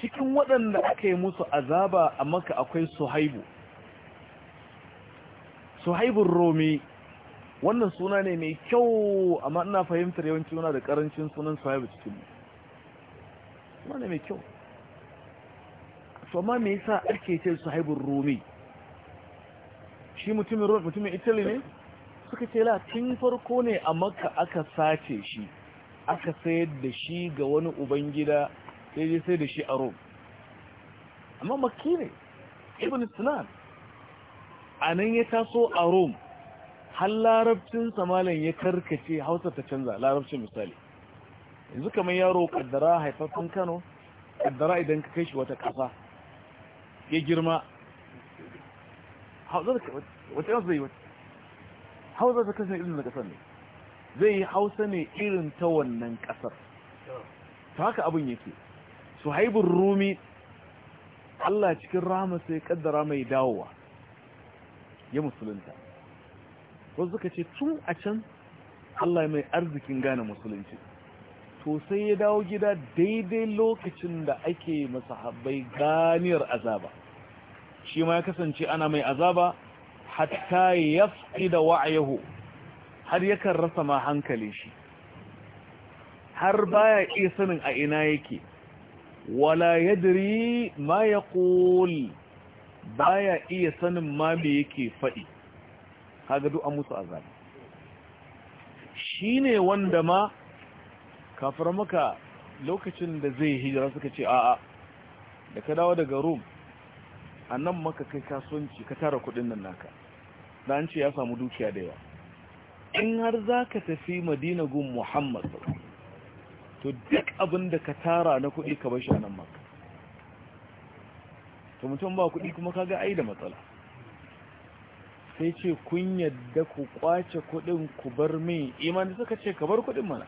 cikin waɗanda aka yi musu azaba a maka akwai suhaibu suhaibun romi wannan suna ne mai kyau amma ina fahimtar yawanci yana da karancin sunan suhaibu cikin suna ne mai kyau amma me yasa ake ce suhaibun romi shi mutumin rom mutumin italy ne suka ce la tun farko ne a makka aka sace shi aka sayar da shi ga wani ubangida sai sai da shi a rom amma makki ne ibn sinan a nan ya taso a rome har larabcin Samalin ya karkace hausa ta canza larabcin misali yanzu kamar yaro kaddara haifaffen kano kaddara idan ka kai shi wata kasa ya girma hausa ta kasance irin da kasar ne zai yi hausa ne irin ta wannan kasar ta haka abin yake su haibin rumi allah cikin rahama sai kaddara mai dawowa ya musulunta wasu suka ce tun a can Allah mai arzikin gane musulunci to sai ya dawo gida daidai lokacin da ake masahabbai ganiyar azaba shi ma ya kasance ana mai azaba hatta ya fi da wa'ayahu har yakan rasa ma hankali shi har baya iya sanin a ina yake wala yadri ma ya ƙoli baya iya sanin ma me yake faɗi kaga duk an musu azabi shine wanda ma kafar maka lokacin da zai hijira suka ce a'a da ka dawo daga Rum a nan maka kai kasuwanci ka tara kudin nan naka da ce ya samu dukiya da yawa in har za ka tafi madina gun muhammad to duk abin da ka tara na kudi ka bashi a nan maka to mutum ba kuɗi kuma kaga ai da matsala sai ce kun yadda ku kwace kuɗin ku bar min iman suka ce ka bar kuɗin mana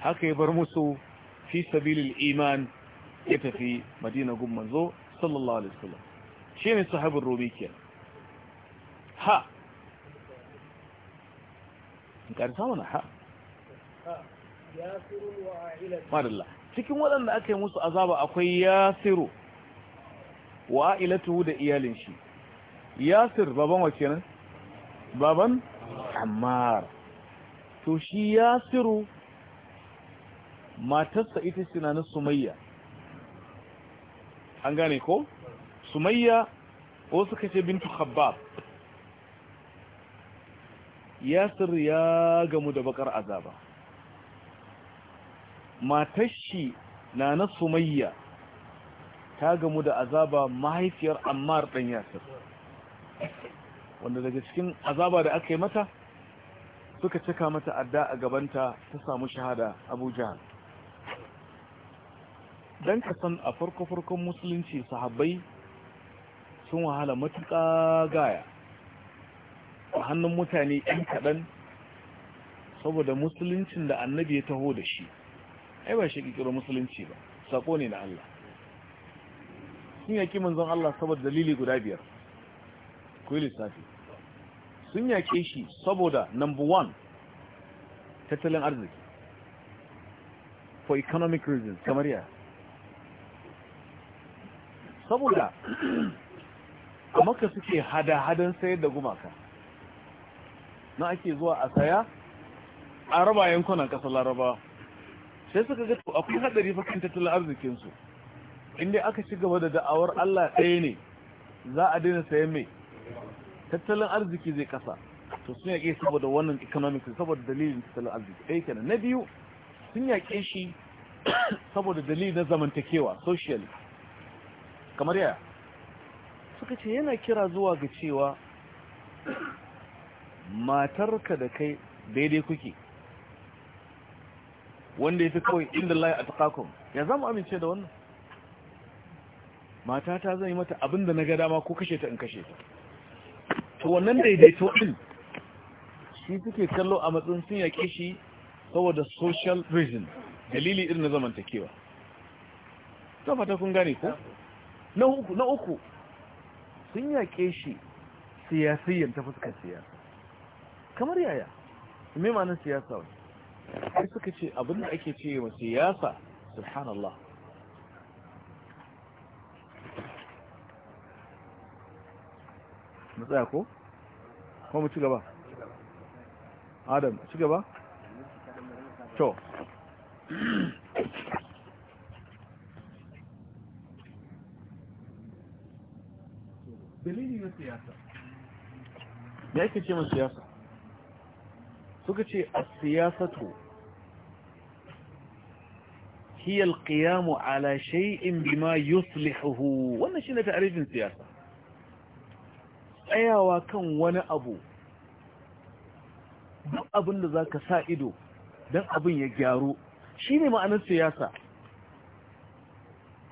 haka ya bar musu fi sabilil iman ya tafi madina gun manzo sallallahu alaihi wasallam shine sahabin rubi kenan ha in karsa wani ha madalla cikin waɗanda aka yi musu azaba akwai yasiru wa ailatuhu da iyalin shi yasir baban wa kenan baban ammar to shi yasiru matarsa ita na sumayya an gane ko sumayya ko suka ce bintu khabbab yasir ya gamu da bakar azaba matar shi na na sumayya ta gamu da azaba mahaifiyar ammar ɗan yasir wanda daga cikin azaba da aka yi mata suka cika mata adda a gabanta ta samu shahada abuja don kasan a farko-farkon musulunci sahabbai sun wahala matuƙa gaya a hannun mutane 'yan kaɗan saboda musuluncin da annabi ya taho da shi ai ba shi ƙiƙiro musulunci ba saƙo ne na Allah sun yaƙi manzon Allah saboda dalili guda biyar ku yi lissafi sun yaƙe shi saboda number one tattalin arziki for economic reasons kamar ya saboda a maka suke hada-hadan sayar da gumaka na ake zuwa a saya a raba yankunan ƙasar laraba sai suka gato akwai haɗari fakin tattalin arzikinsu inda aka ci gaba da da'awar Allah ɗaya ne za a daina sayan mai tattalin arziki zai kasa to sun yaƙe saboda wannan economic saboda dalilin tattalin arziki ɗaya kenan na biyu sun yaƙe shi saboda dalilin na zamantakewa social kamar yaya suka ce yana kira zuwa ga cewa matarka da kai daidai kuke wanda ya fi kawai inda lai a takakon ya zama amince da wannan matata zan yi mata abin da na ga dama ko kashe ta in kashe ta to wannan daidaito din shi suke kallo a matsayin sun yake shi saboda social reason dalili irin na zamantakewa ta fata kun gane ko na uku na uku sun yake shi siyasiyan ta fuskar siyasa kamar yaya me ma'anar siyasa wani sai suka ce abin da ake ce wa siyasa subhanallah na tsaya ko ko mu ci gaba adam ci gaba to dalili na siyasa ya yake ce mai siyasa suka ce a siyasatu هي القيام على شيء بما wannan وانا شنو تعريف siyasa. tsayawa kan wani abu duk abin da za ka sa ido don abin ya gyaru shi ne ma'anar siyasa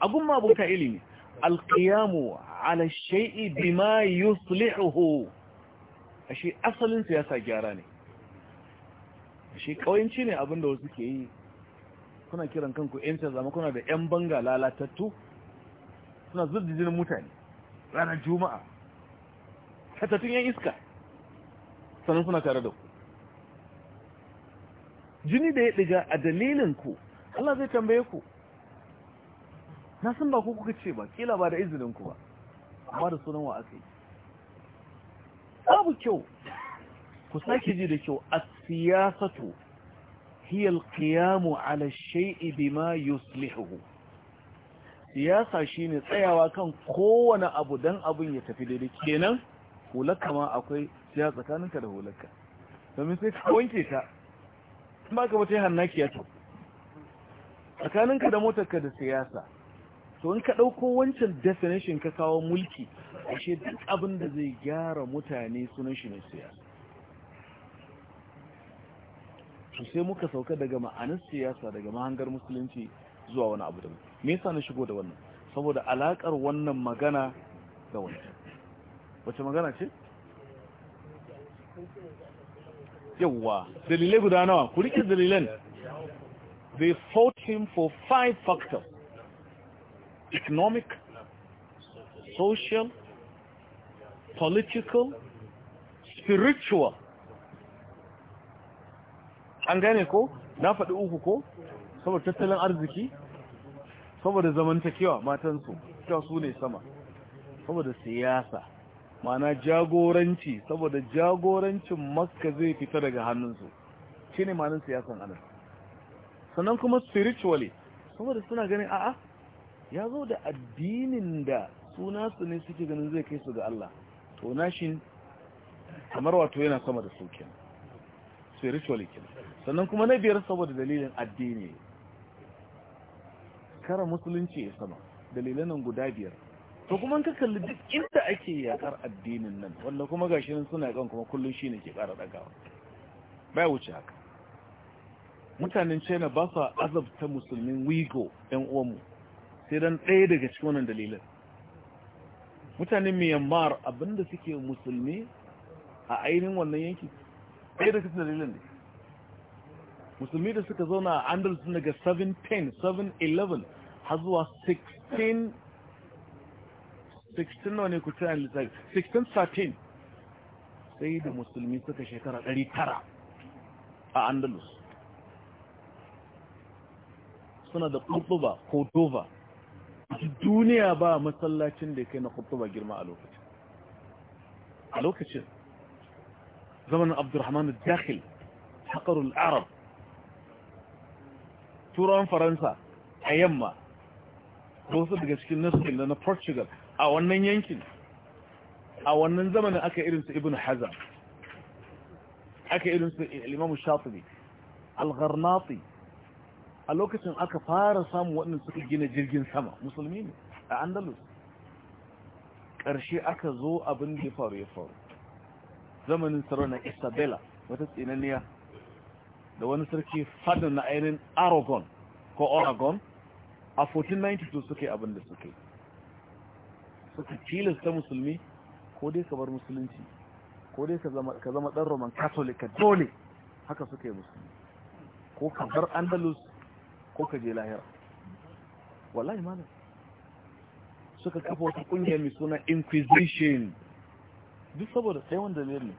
abin ka ilimi alkiyamu ala shai'i bima a shi asalin siyasa gyara ne ashe kawanci ne abin da wasu ke yi kuna kiran kanku 'yan zama kuna da 'yan banga lalatattu suna zurjijin mutane ranar juma'a hatattun yan iska sannan suna tare da ku jini da ya ɗiga a dalilin ku Allah zai tambaye ku na san ba ku kuka ce ba kila ba da izinin ku ba amma da sunan wa aka yi babu kyau ku sake ji da kyau a siyasatu hiyar kiyamu ala shay'i bima yuslihu siyasa shine tsayawa kan kowane abu don abin ya tafi daidai kenan hularka ma akwai siya tsakaninka da hularka domin sai ka wanke ta ba ka wata hannaki ya tafi tsakaninka da motarka da siyasa to in ka ɗauko wancan definition ka kawo mulki ashe duk abin da zai gyara mutane sunan shi ne siyasa to sai muka sauka daga ma'anin siyasa daga mahangar musulunci zuwa wani abu da me yasa na shigo da wannan saboda alakar wannan magana da wancan wace magana ce yawwa dalilai guda nawa ku dalilan they fought him for five factors economic social political spiritual an gane ko na faɗi uku ko saboda tattalin arziki saboda zamantakewa matansu cewa su ne sama saboda siyasa ma'ana jagoranci saboda jagorancin makka zai fita daga hannunsu shi ne ma'anin siyasan anan sannan kuma spiritually saboda suna ganin a'a ya zo da addinin da suna su ne suke ganin zai kai su ga Allah to nashin kamar wato yana sama da su spiritually kenan sannan kuma na biyar saboda dalilin addini kara musulunci ya sama dalilan guda biyar to kuma ka kalli duk inda ake yakar addinin nan wanda kuma gashi nan suna kan kuma kullun shine ke fara dagawa bai wuce haka mutanen China ba sa azabta musulmin Wigo ɗan uwanmu sai dan ɗaya daga cikin wannan dalilan mutanen Myanmar abinda suke musulmi a ainihin wannan yanki ɗaya daga cikin dalilan ne musulmi da suka zauna a andalus daga 710 711 har zuwa 16 16 nawa ne ku tsaya lissafi 1613 sai da musulmi suka shekara 900 a andalus suna da kurtuba ko dova duniya ba masallacin da kai na kurtuba girma a lokacin a lokacin zamanin abdurrahman dakhil haƙarul arab turawan faransa a yamma da wasu daga cikin na da na portugal a wannan yankin a wannan zamanin aka irinsu ibn hazar aka irinsu limamu shafi al-gharnati a lokacin aka fara samun waɗanda suka gina jirgin sama musulmi ne a andalus ƙarshe aka zo abin da ya faru ya faru zamanin na isabella wata tsinaniya da wani sarki fadin na ainihin aragon ko oragon a 1492 suka yi abin da suka yi suka tilasta musulmi ko dai ka bar musulunci ko dai ka zama ɗan roman catholic ka dole haka suka yi musulmi ko ka bar andalus ko ka je lahira wallahi malam suka kafa wata ƙungiyar mai suna inquisition duk saboda sai wanda ne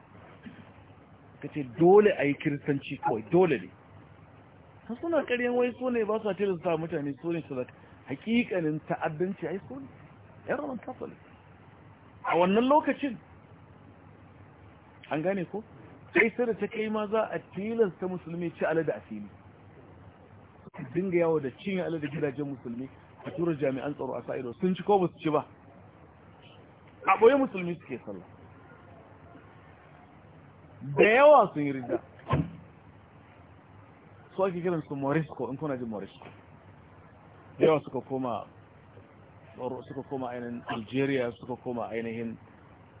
ka ce dole a yi kiristanci kawai dole ne suna karyan wai su ne ba su tilasta mutane su ne su zaka hakikanin ta'addanci ai su ne yan roman catholic a wannan lokacin an gane ko sai sai da ta kai ma za a tilasta musulmi ci alada a fili dinga yawo da cinye alada gidajen musulmi a tura jami'an tsaro a sa'ido sun ci ko ba su ci ba a ɓoye musulmi suke sallah da yawa sun yi rida su ake kiran su morisco in kuna jin morisco yawa suka koma suka koma ainihin algeria suka koma ainihin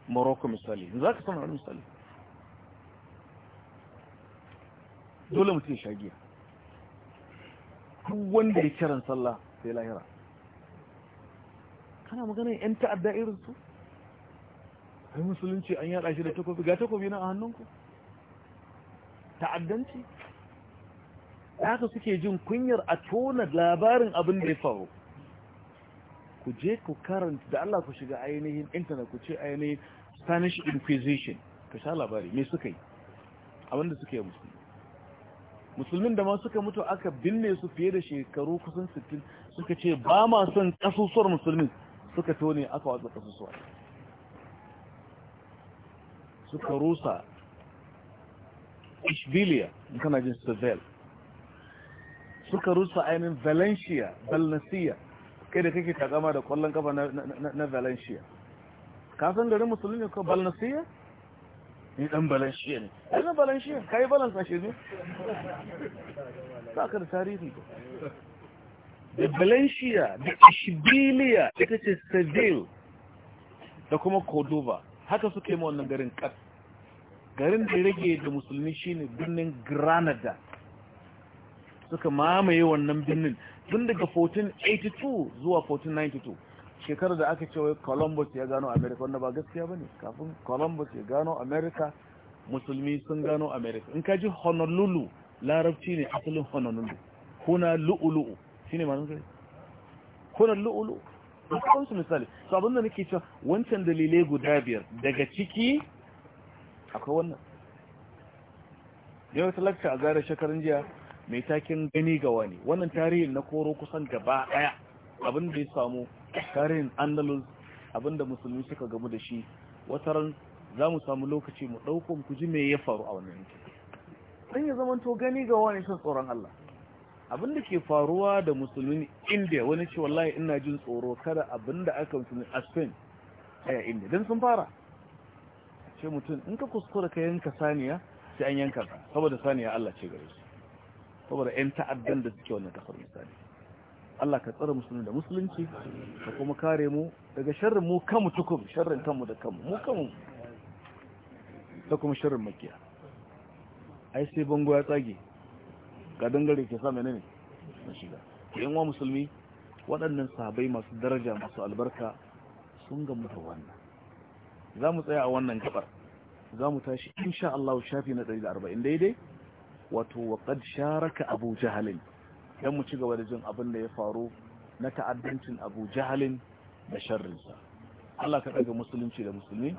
morocco misali za ka sanar misali dole mutum ya shagiya duk wanda ya kiran sallah sai lahira kana magana yan ta'adda irin su ai musulunci an yada shi da takobi ga takobi na a hannunku ta'addanci haka suke jin kunyar a tona labarin abin da ya faru ku je ku karanta da Allah ku shiga ainihin intanet ku ce ainihin spanish inquisition ka sha labari me suka yi abinda suka yi musulmi musulmin da ma suka mutu aka binne su fiye da shekaru kusan 60 suka ce ba ma son kasusuwar musulmin suka tone aka watsa kasusuwa suka rusa ishbiliya kana jin seville suka rusa ainihin valencia balnasiya kai da kake takama da kwallon kafa na valencia kasan garin musulmi ko balnasiya ni dan balenciya ne ɗan valencia ka yi balansa shi ne sa ka da tarihi da balenciya da ishbiliya ita ce seville da kuma cordova haka suka yi wannan garin kas garin da rage da musulmi shine birnin granada suka mamaye wannan birnin tun daga 1482 zuwa 1492 shekarar da aka cewa columbus ya gano america wanda ba gaskiya ba ne kafin columbus ya gano america musulmi sun gano america in ka ji honolulu larabci ne asalin honolulu kuna lu'ulu'u shi ne manu zai kuna lu'ulu'u da su misali su da nake cewa wancan dalilai guda biyar daga ciki akwai wannan yau ta lakta a gara shekarun jiya mai takin gani ga wani wannan tarihin na koro kusan gaba daya abin da ya samu tarihin andalus abin da musulmi suka gamu da shi wata ran za mu samu lokaci mu ɗauko ku ji me ya faru a wannan yankin dan ya zaman to gani ga wani shan tsoron Allah abin da ke faruwa da musulmin Indiya wani ce wallahi ina jin tsoro kada abin da aka musulmi a Spain a India dan sun fara ce mutum in ka kuskura ka yanka saniya sai an yanka saboda saniya Allah ce gare su saboda 'yan ta'addan da suke wannan kasar misali Allah ka tsara musulmi da musulunci ka kuma kare mu daga sharrin mu kanmu tukum sharrin kanmu da kanmu mu kanmu da kuma sharrin makiya ai sai bango ya tsage ga dangare ke sa menene na shiga yan wa musulmi waɗannan sahabbai masu daraja masu albarka sun ga mutu wannan za mu tsaya a wannan gabar za mu tashi insha Allah shafi na 140 daidai wato waƙad sharaka abu jahalin yan mu ci gaba da jin abin da ya faru na ta'addancin abu jahalin da sharrinsa Allah ka ɗaga musulunci da musulmi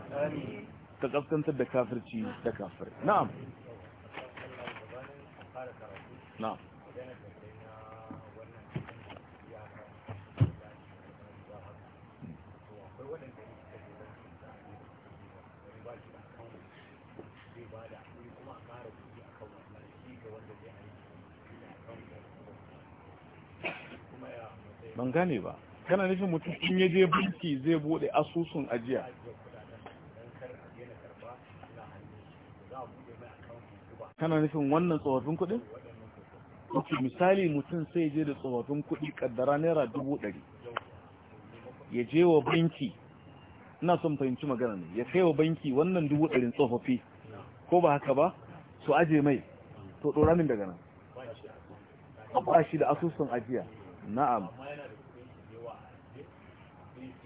ka ƙaskantar da kafirci da kafirai na'am na'am ban gane ba kana nufin mutum in ya je banki zai bude asusun ajiya kana nufin wannan tsofaffin kudin ok misali mutum sai je da tsofaffin kudi kaddara naira dubu ɗari ya je wa banki ina son fahimci magana ne ya kai wa banki wannan dubu ɗarin tsofaffi ko ba haka ba su aje mai to ɗora min daga nan ba shi da asusun ajiya na'am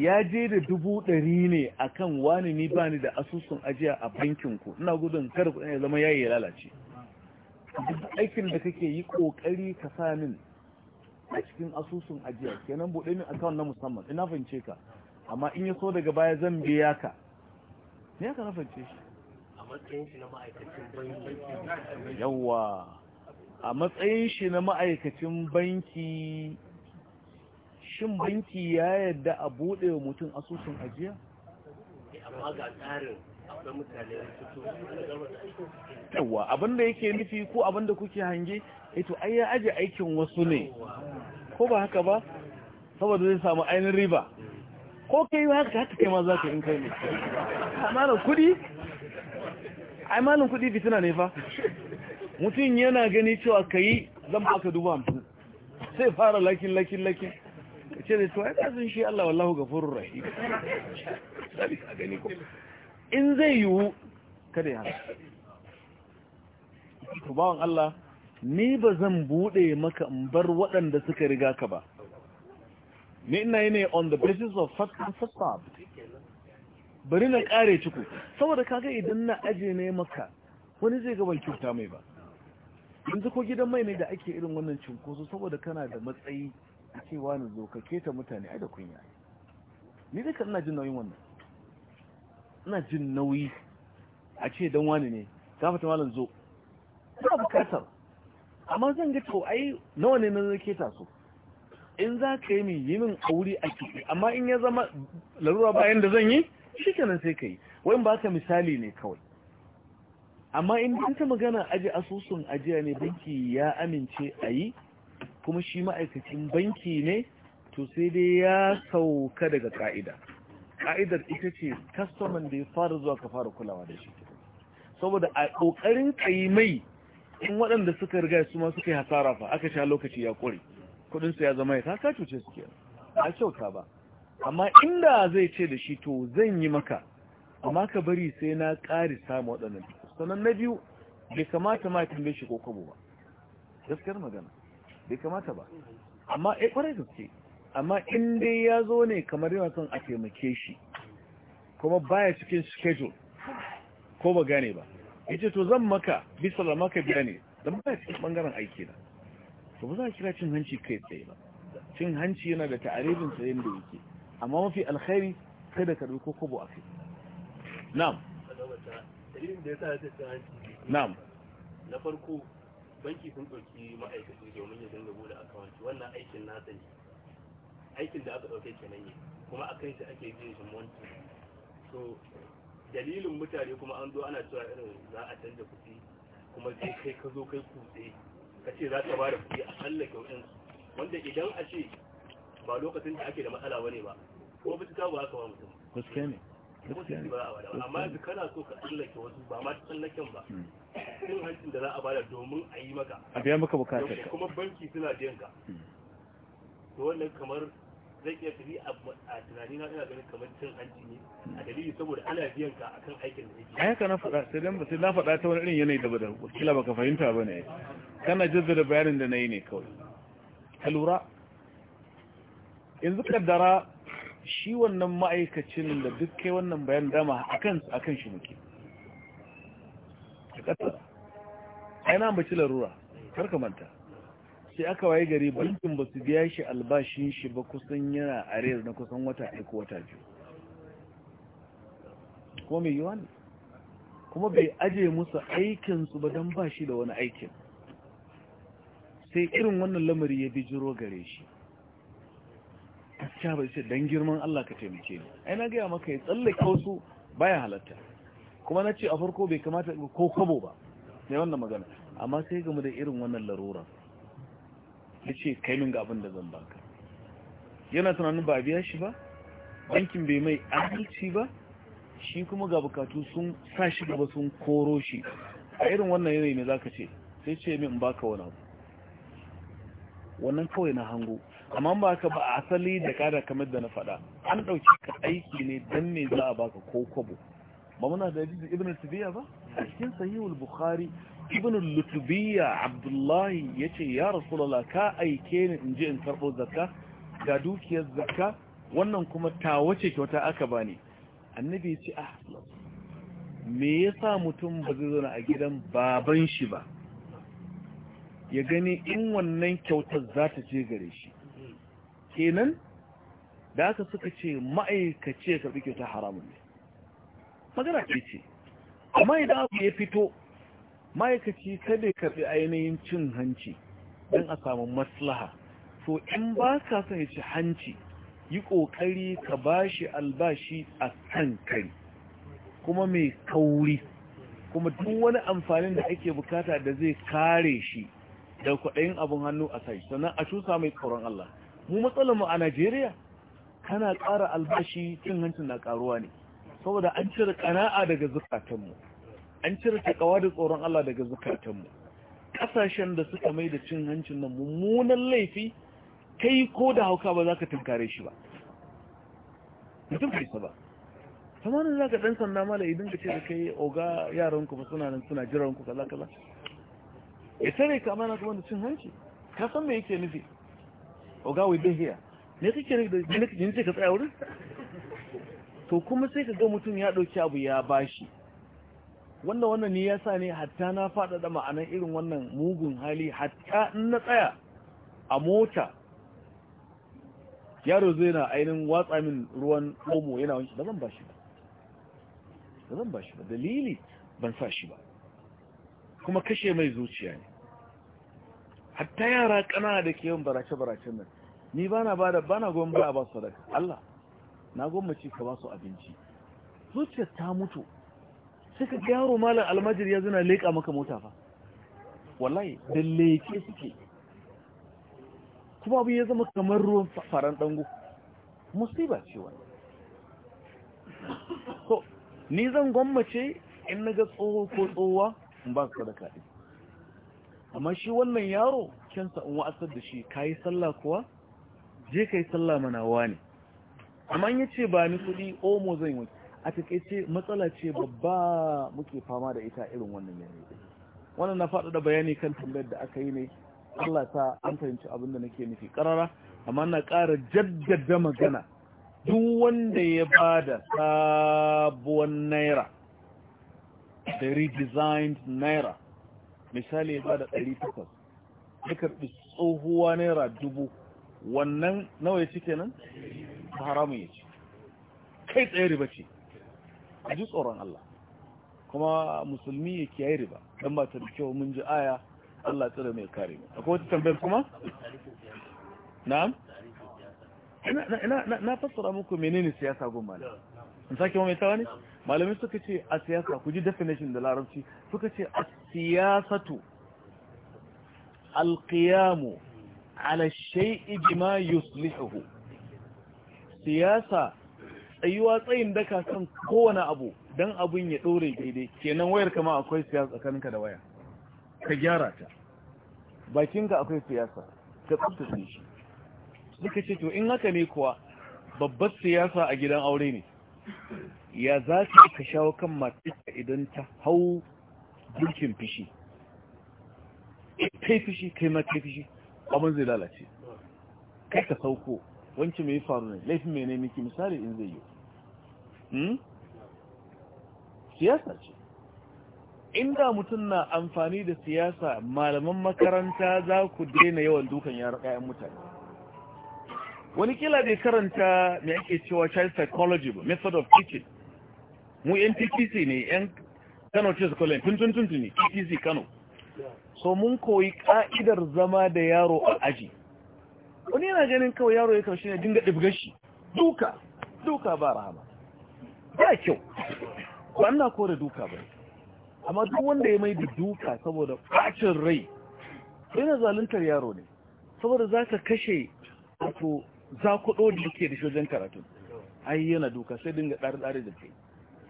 ya je da dubu ɗari ne a kan wani ni ba ni da asusun ajiya a bankinku ina gudun kar kuɗin ya zama yayi ya lalace duk aikin da kake yi ƙoƙari ka sa min a cikin asusun ajiya kenan buɗe min akawun na musamman ina fahimce ka amma in ya so daga baya zan biya ka ne ka na fahimce shi a matsayin shi na ma'aikacin banki yawa a matsayin shi na ma'aikacin banki shin banki ya yadda a buɗe wa mutum asusun ajiya? Eh, amma ga tsarin akwai mutane yawa abinda yake nufi ko abinda kuke hange eto eh ai ya aje aikin wasu ne ko ba haka ba saboda zai samu ainihin riba ko yi haka haka kai ma za ka in kai ne amalan kudi malin kudi fitina ne fa mutum yana gani cewa ka yi zan baka dubu hamsin sai fara lakin lakin lakin ka ce da su ya kasan shi Allah wallahu ga rahim rahi in zai yiwu kada ya haka to bawan Allah ni ba zan bude maka in bar waɗanda suka riga ka ba ni ina yi ne on the basis of fact and bari na kare ciku saboda kaga idan na aje ne maka wani zai gaban kyauta mai ba yanzu ko gidan mai ne da ake irin wannan cinkoso saboda kana da matsayi a ce wani zo ka keta mutane a da kunya ni dai kan ina jin nauyin wannan ina jin nauyi a ce dan wani ne ka fata malam zo ina bukatar amma zan ga to ai nawa ne na keta su in za ka yi min yi min aure a kiɗi amma in ya zama larura bayan da zan yi shi kenan sai ka yi Wani ba ka misali ne kawai amma in ta magana aji asusun ajiya ne banki ya amince a yi kuma shi ma'aikacin banki ne to sai dai ya sauka daga ka'ida ka'idar ita ce kastoman da ya fara zuwa ka fara kulawa da shi saboda a ƙoƙarin ƙaimai in waɗanda suka riga su ma suka yi hasara fa aka sha lokaci ya ƙure kuɗinsu ya zama ya ta cuce su ke a kyauta ba amma inda zai ce da shi to zan yi maka amma ka bari sai na ƙari samu waɗannan sannan na biyu bai kamata ma tambaye shi ko kwabo ba gaskiyar magana bai kamata ba amma eh kwarai ce amma in dai ya zo ne kamar yana son a taimake shi kuma baya cikin schedule ko ba gane ba yace to zan maka bisa da maka biya ne dan baya cikin bangaren aiki na to ba za a kira cin hanci kai tsaye ba cin hanci yana da ta'arifin sa yanda yake amma mafi alkhairi kada ka dauko kobo a kai na'am na'am na farko banki sun ɗauki ma'aikatu domin ya dinga bude account wannan aikin nasa ne aikin da aka ɗauke kenan ne kuma a shi ake jin shi monti so dalilin mutane kuma an zo ana cewa irin za a canza kuɗi kuma zai kai ka zo kai kutse ka ce za ka ba da kuɗi a kalla kyautin wanda idan a ce ba lokacin da ake da matsala bane ba ko bisa ba haka ba mutum gaskiya ne mutunci ba za amma yanzu kana so ka tsallake wasu ba ma tsallaken ba hmm. cin hancin da za a bada domin a yi maka a biya maka bukatar ka kuma banki suna biyan ka hmm. to wannan kamar zai iya tafi a tunani na ina ganin kamar cin hanci ne a hmm. dalili saboda ana biyan ka akan aikin da yake ai haka na faɗa sai dan sai na faɗa ta wani irin yanayi da bada kila baka fahimta bane kana jaddada bayanin da nayi ne kawai ka lura yanzu kaddara shi wannan ma'aikacin da duk kai wannan bayan dama akan akan shi muke takata ai na mace larura kar ka manta sai aka waye gari bankin ba su biya shi albashin shi ba kusan yana arewa na kusan wata ɗaya ko wata biyu kuma mai yiwa ne kuma bai aje musu aikinsu ba don ba shi da wani aikin sai irin wannan lamari ya bijiro gare shi gaskiya ba ce dan girman Allah ka taimake ni ai na gaya maka ya tsallake wasu baya halatta kuma na ce a farko bai kamata ko kabo ba ne wannan magana amma sai game da irin wannan larura ya ce kai min ga abin da zan baka yana tunanin ba biya shi ba bankin bai mai adalci ba shi kuma ga bukatu sun sa shi gaba sun koro shi a irin wannan yanayi ne zaka ce sai ce min baka wani abu wannan kawai na hango amma ba ka ba a asali da kada kamar da na faɗa an ɗauki ka aiki ne dan me za a baka ko kwabo ba muna da hadisin ibn tubiya ba a cikin sahihul bukhari ibn lutubiya abdullahi yace ya rasulullah ka aike ni in je in karɓo zakka ga dukiyar zakka wannan kuma ta wace kyauta aka bani annabi ya ce ah me yasa mutum ba zai zauna a gidan baban shi ba ya gani in wannan kyautar za ta ce gare shi kenan da aka suka ce ma'aikaci ya karɓi kyauta haramun ne magana ce ce amma idan abu ya fito ma'aikaci kada ne karɓi ainihin cin hanci don a samu maslaha so in ba ka son ya ci hanci yi ƙoƙari ka ba shi albashi a kan kai kuma mai kauri kuma duk wani amfanin da ake bukata da zai kare shi da kwaɗayin abin hannu a sai sannan a cusa mai tsoron Allah mu matsalar mu a Najeriya kana ƙara albashi cin hancin na ƙaruwa ne saboda an cire ƙana'a daga zukatanmu an cire takawa da tsoron Allah daga zukatanmu ƙasashen da suka mai da cin hancin nan mummunan laifi kai ko da hauka ba za ka tunkare shi ba mutum kai ba samanin za ka ɗan sanda mala idan ka ce da kai oga yaranku ba suna nan suna jiranku kaza kaza ya tare ka mana kuma da cin hanci ka san me yake nufi oga we here ne kake ne da ka tsaya wurin to kuma sai ka ga mutum ya ɗauki abu ya bashi wanda wannan ne ya ne hatta na da ma'anar irin wannan mugun hali hatta in na tsaya a mota yaro zai na ainihin watsa min ruwan omo yana wanki ba zan ba shi ba ba zan ba ba dalili ban sa shi ba kuma kashe mai zuciya ne hatta yara ƙanana da ke yin barace-baracen nan ni ba na ba da ba na ba su da Allah na gwamnaci ka ba su abinci zuciyar ta mutu sai ka gyaro malam almajir ya zina leƙa maka mota fa wallahi da leƙe suke kuma abin ya zama kamar ruwan faran dango musiba ce wani so ni zan ce in na ga tsoho ko tsohuwa in ba su da ɗin amma shi wannan yaro kyansa in wa'asar da shi ka yi sallah kuwa je ka yi sallah manawa ne amma ya ce ba ni kuɗi omo zan yi a ce matsala ce babba muke fama da ita irin wannan yanayi wannan na faɗaɗa bayani kan tambayar da aka yi ne Allah ta an fahimci abin da nake nufi ƙarara amma na ƙara jaddada magana duk wanda ya ba da sabuwar naira da redesigned naira misali ba da ɗari takwas ya karɓi tsohuwa naira dubu wannan nawa ya ci kenan ta haramun ya ci kai tsaye riba ce a ji tsoron Allah kuma musulmi ya kiyaye riba don ba ta da kyau mun ji aya Allah tsira mai kare mu akwai wata tambayar kuma na'am na fassara muku menene siyasa gumma ne? in sake mamaitawa ne malamai suka ce a siyasa ku ji definition da larabci suka ce a siyasatu alkiyamu ala shay'i bima yuslihu siyasa tsayuwa tsayin daka kan kowane abu don abin ya ɗore daidai kenan wayar kama akwai siyasa tsakaninka da waya ka gyara ta bakinka akwai siyasa ka tsaftace shi suka ce to in haka ne kuwa babbar siyasa a gidan aure ne ya za ka ka shawo kan matarka idan ta hau girkin fishi eh, kai fishi kai ma kai fishi abin zai lalace kai ka sauko wanci mai faru ne laifin mai ne miki misali in zai yi hmm? siyasa ce inda mutum na amfani da siyasa malaman makaranta za ku daina yawan dukan yaran mutane wani kila bai karanta me ake cewa child psychology ba method of teaching mu yan TPC ne yan Kano Chiefs College tun tun tun ne Kano so mun koyi ka'idar zama da yaro a aji wani yana ganin kawai yaro ya karshe ne dinga dibgar shi duka duka ba rahama ba kyau ba ina kore duka ba amma duk wanda ya mai da duka saboda bacin rai yana zaluntar yaro ne saboda za ka kashe wato za kuɗo da ke da wajen karatu ai yana duka sai dinga ɗari-ɗari da kai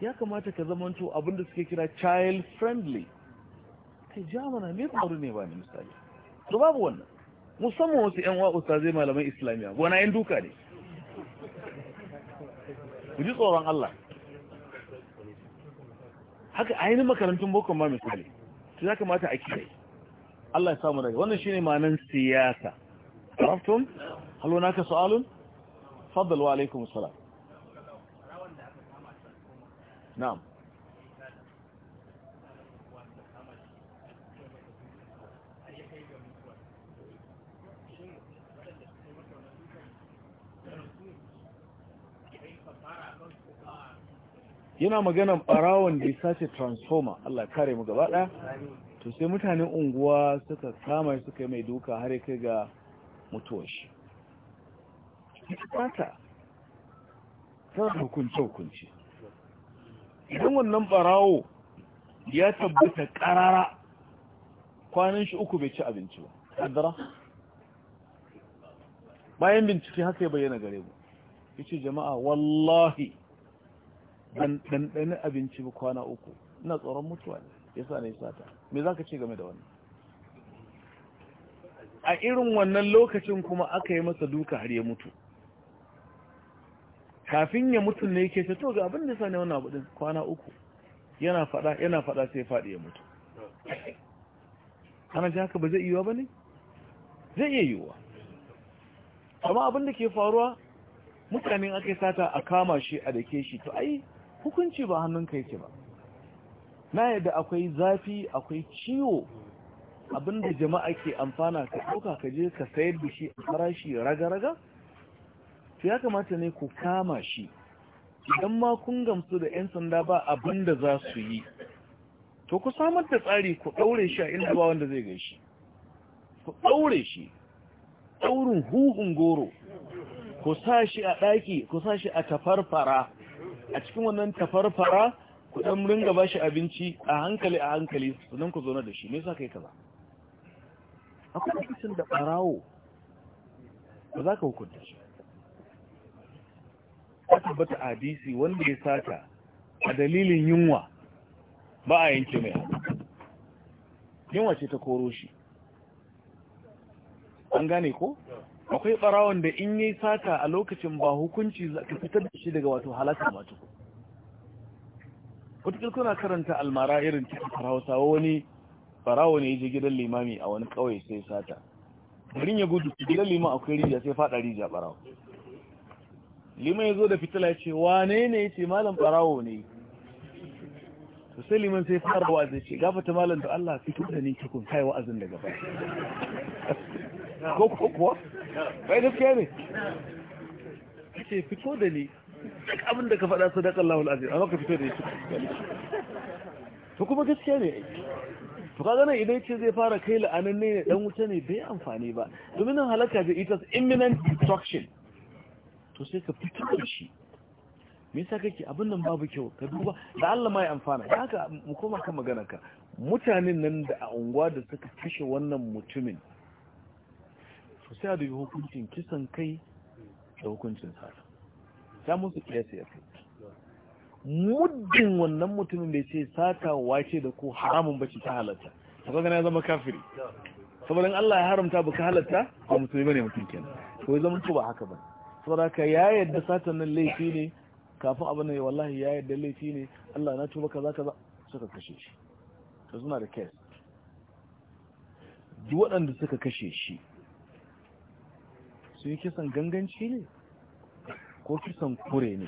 ya kamata ka abin abinda suke kira child friendly kai ja mana me faru ne ba ne misali to babu wannan musamman wasu yan wa ustazai malaman islamiyya gona yan duka ne ku ji tsoron Allah haka ainihin makarantun bokon ma misali to ya kamata a kiyaye Allah ya samu daga wannan shine ma'anar siyasa عرفتم هل هناك سؤال wa alaikum salam نعم yana maganan barawon da ya sace transformer Allah kare mu gaba ɗaya to sai mutanen unguwa suka kama suka yi mai duka har ya kai ga mutuwar shi ta hukunci hukunce idan wannan barawo ya tabbata karara kwanan shi uku bai ci abinci ba bayan bincike haka ya bayyana gare mu yace jama'a wallahi dan dan abinci ba kwana uku ina tsoron mutuwa ne yasa ne sata me zaka ce game da wannan a irin wannan lokacin kuma aka yi masa duka har ya mutu kafin ya mutu ne yake ce to ga abin da sani wannan abu kwana uku yana fada yana fada sai fadi ya mutu ana ji haka ba zai yiwa bane zai iya yiwa amma abin da ke faruwa mutanen aka sata a kama shi a dake shi to ai hukunci ba hannun kai ce ba na yadda akwai zafi akwai ciwo abinda jama'a ke amfana ka ɗauka ka je ka sayar da shi a farashi raga-raga to ya kamata ne ku kama shi idan ma kun gamsu da 'yan sanda ba abin da za su yi to ku samar da tsari ku ɗaure shi a inda ba wanda zai gai shi ku ɗaure shi ɗaurin huhun goro ku sa shi a ɗaki ku sa shi a tafarfara a cikin wannan tafarfara ku ɗan ringa ba shi abinci a hankali a hankali Su nan ku zauna da shi me yasa kai kaza akwai da ɓarawo ba za ka hukunta shi a tabbata a hadisi wanda ya sata a dalilin yunwa ba a yanke mai hannu yunwa ce ta koro shi an gane ko akwai barawon da in yi sata a lokacin ba hukunci ka fitar da shi daga wato halaka ku wata kuna karanta almara irin cikin hausawa wani barawo ne ya je gidan limami a wani kawai sai sata garin ya gudu gidan liman akwai rijiya sai fada rijiya barawo liman ya zo da fitila ya ce wane ne ya ce malam barawo ne to sai liman sai fara wa'azi ce gafata malam da Allah fito da ni kun kai wa'azin daga ba ko ko kuwa bai gaskiya ne ce fito da ni duk abin da ka faɗa sadaka Allahu al-azim amma ka fito da ni to kuma gaskiya ne to kaga nan idan ce zai fara kai la'anan ne dan wuta ne bai amfani ba domin halaka zai ita imminent destruction to sai ka fito da shi me yasa kake abin nan babu kyau ka duba da Allah ma ya amfana da haka mu koma kan maganar ka mutanen nan da a unguwa da suka kashe wannan mutumin to sai a dubi hukuncin kisan kai da hukuncin sata ta musu kiyasa ya fi muddin wannan mutumin bai ce sata wace da ko haramun bace ta halatta saboda gana ya zama kafiri saboda Allah ya haramta baka halatta ba musulmi bane mutum kenan to ya zama ba haka ba saboda ya yadda satan nan laifi ne kafin abin ya wallahi ya yadda laifi ne Allah na tuba kaza kaza suka kashe shi to suna da kes duk waɗanda suka kashe shi su yi kisan ganganci ne ko kisan kure ne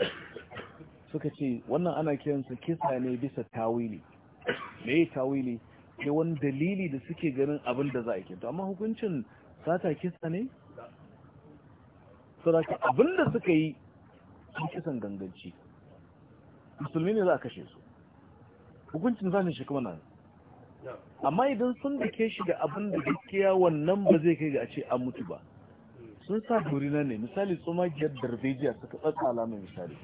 suka ce wannan ana kiransa kisa ne bisa tawili me tawili ne wani dalili da suke ganin abin da za a kinta amma hukuncin sata kisa ne saboda abinda suka yi sun kisan ganganci musulmi ne za a kashe su hukuncin zane shi kuma na amma idan sun dake shi da abin da gaskiya wannan ba zai kai ga a ce an mutu ba sun sa dorina ne misali tsomagiyar darbejiya suka tsatsa alamun misali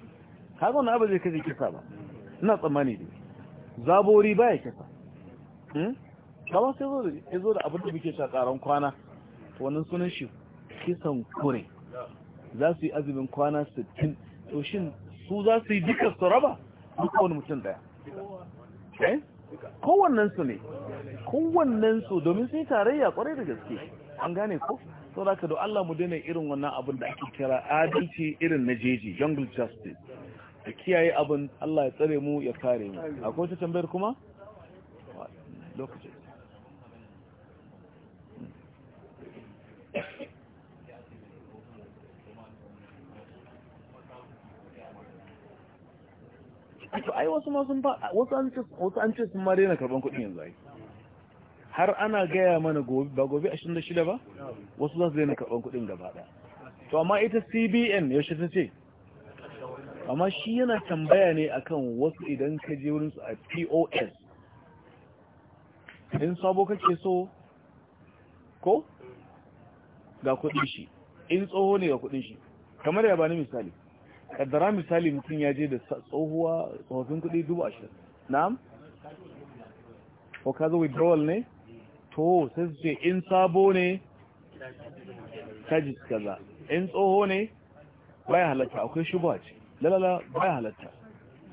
kaga wani abu zai kai kisa ba ina tsammani ne zabori baya kisa hmm? kama sai zo da abin da muke sa karan kwana wannan sunan shi kisan kure za su yi azumin kwana 60 to shin su za su yi duka su raba duka wani mutum daya eh? su ne su domin sun yi tarayya kwarai da gaske an gane ko sau da ka da Allah mu daina irin wannan abin da ake kira adalci irin na jeji jungle justice da kiyaye abin Allah ya tsare mu ya kare mu akwai wata tambayar kuma lokaci to ai wasu ma sun ba wasu an ce wasu an ce sun ma daina karban kuɗin yanzu ai har ana gaya mana gobe ba gobe 26 ba wasu za su daina karban kuɗin gaba ɗaya to amma ita CBN yaushe ta ce amma shi yana tambaya ne akan wasu idan ka je wurin su a POS in sabo kake so ko ga kuɗin shi in tsoho ne ga kuɗin shi kamar ya bani misali kaddara misali mutum ya je da tsohuwa tsohon kudi dubu ashirin na'am ko ka zo withdrawal ne to sai su ce in sabo ne charges kaza in tsoho ne baya halatta akwai shi ba ce lalala baya halatta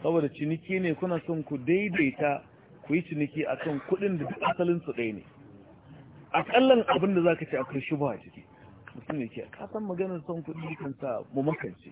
saboda ciniki ne kuna son ku daidaita ku yi ciniki a kan kudin da asalin su ɗaya ne kallon abin da ka ce akwai shi ba ciki mutum ne ke kasan maganar son kudi kan sa mu makance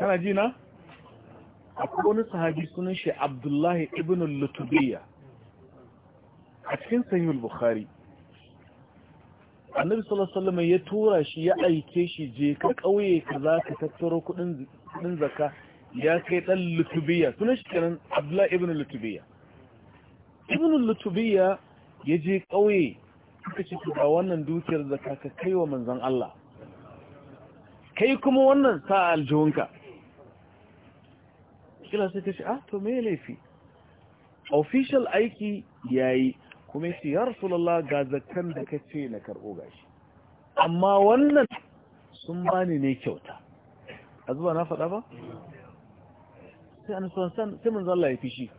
kana ji na akwai wani sahabi sunan shi abdullahi ibn lutubiya a cikin sanyin bukhari annabi sallallahu alaihi ya tura shi ya aike shi je ka kauye za ka tattaro kudin zaka, ya kai dan lutubiya sunan shi kenan abdullahi ibn lutubiya ibn lutubiya ya je kauye suka ce ga wannan dukiyar zaka, ka kai wa manzon Allah kai kuma wannan sa aljihunka kila sai ta ce ah to me laifi official aiki yayi kuma shi ya rasulullah ga zakkan da kace na karbo gashi amma wannan sun bani ne kyauta A zuwa na faɗa ba sai an son san sai manzo Allah ya fishi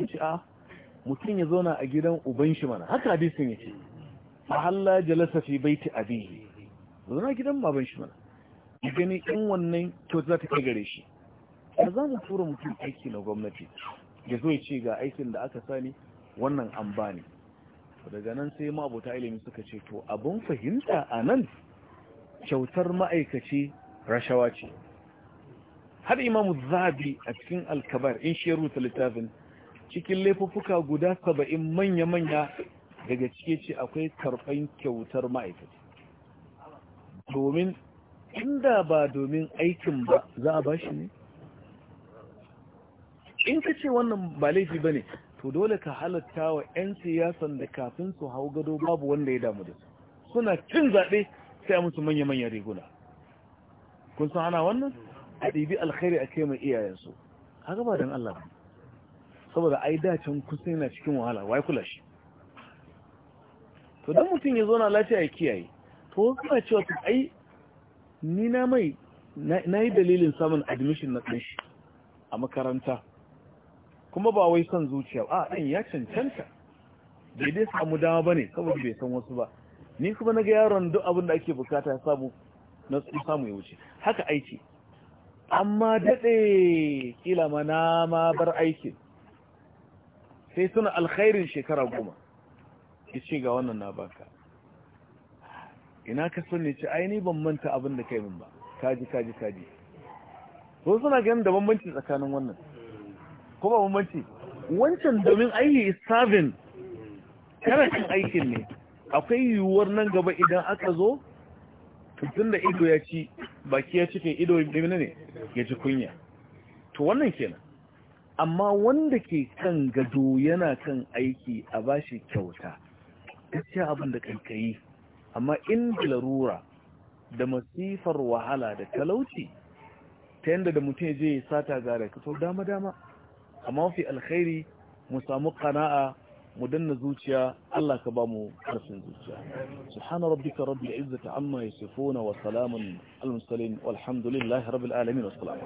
yace ah mutum ya zauna a gidan uban shi mana haka hadisin yace fa halla jalasa fi baiti abihi zauna gidan baban shi mana gani in wannan kyauta za ta kai gare shi da za mu tura mutum aiki na gwamnati ya zo ce ga aikin da aka sani wannan an bani daga nan sai abota ilimi suka ce to abin fahimta a nan kyautar ma'aikaci rashawa ce har imamu zabi a cikin alkabar in shi rubuta littafin cikin laifuffuka guda saba'in manya-manya daga cike ce akwai karfan kyautar ma'aikaci domin inda ba domin aikin ba za a ba shi ne in ka ce wannan ba laifi ba ne to dole ka halatta wa 'yan siyasan da kafin su hau gado babu wanda ya damu da su suna cin zaɓe sai musu manya-manyan riguna kun san ana wannan a ɗibi alkhairi a kai mai iyayensu haka ba don Allah saboda ai dacin kusa yana cikin wahala wai kula shi to don mutum ya zo na lafiya ya kiyaye to kuma cewa to ai ni na mai na yi dalilin samun admission na ɗan a makaranta kuma ba wai son zuciya a ɗan ya cancanta bai dai samu dama ba ne saboda bai san wasu ba ni kuma na ga yaron duk abin da ake bukata ya samu na su samu ya wuce haka aiki amma daɗe kila ma na ma bar aikin sai suna alkhairin shekara goma ya ce ga wannan na baka ina ka sun ce ni ban manta abin da kai min ba kaji kaji kaji wasu suna ganin da bambanci tsakanin wannan ko ba bambanci wancan domin ayi sabin karakin aikin ne akwai yiwuwar nan gaba idan aka zo tun da ido ya ci baki ya cike ido ne ne ya ci kunya to wannan kenan amma wanda ke kan gado yana kan aiki a bashi kyauta gaskiya abin da kankayi amma in larura da masifar wahala da talauci ta yadda da mutum je ya sata da ka sau dama dama amma mafi alkhairi mu samu kana'a mu danna zuciya Allah ka bamu karfin zuciya subhana rabbika rabbil izzati amma yasifuna wa salamun al mursalin walhamdulillahi rabbil alamin wassalamu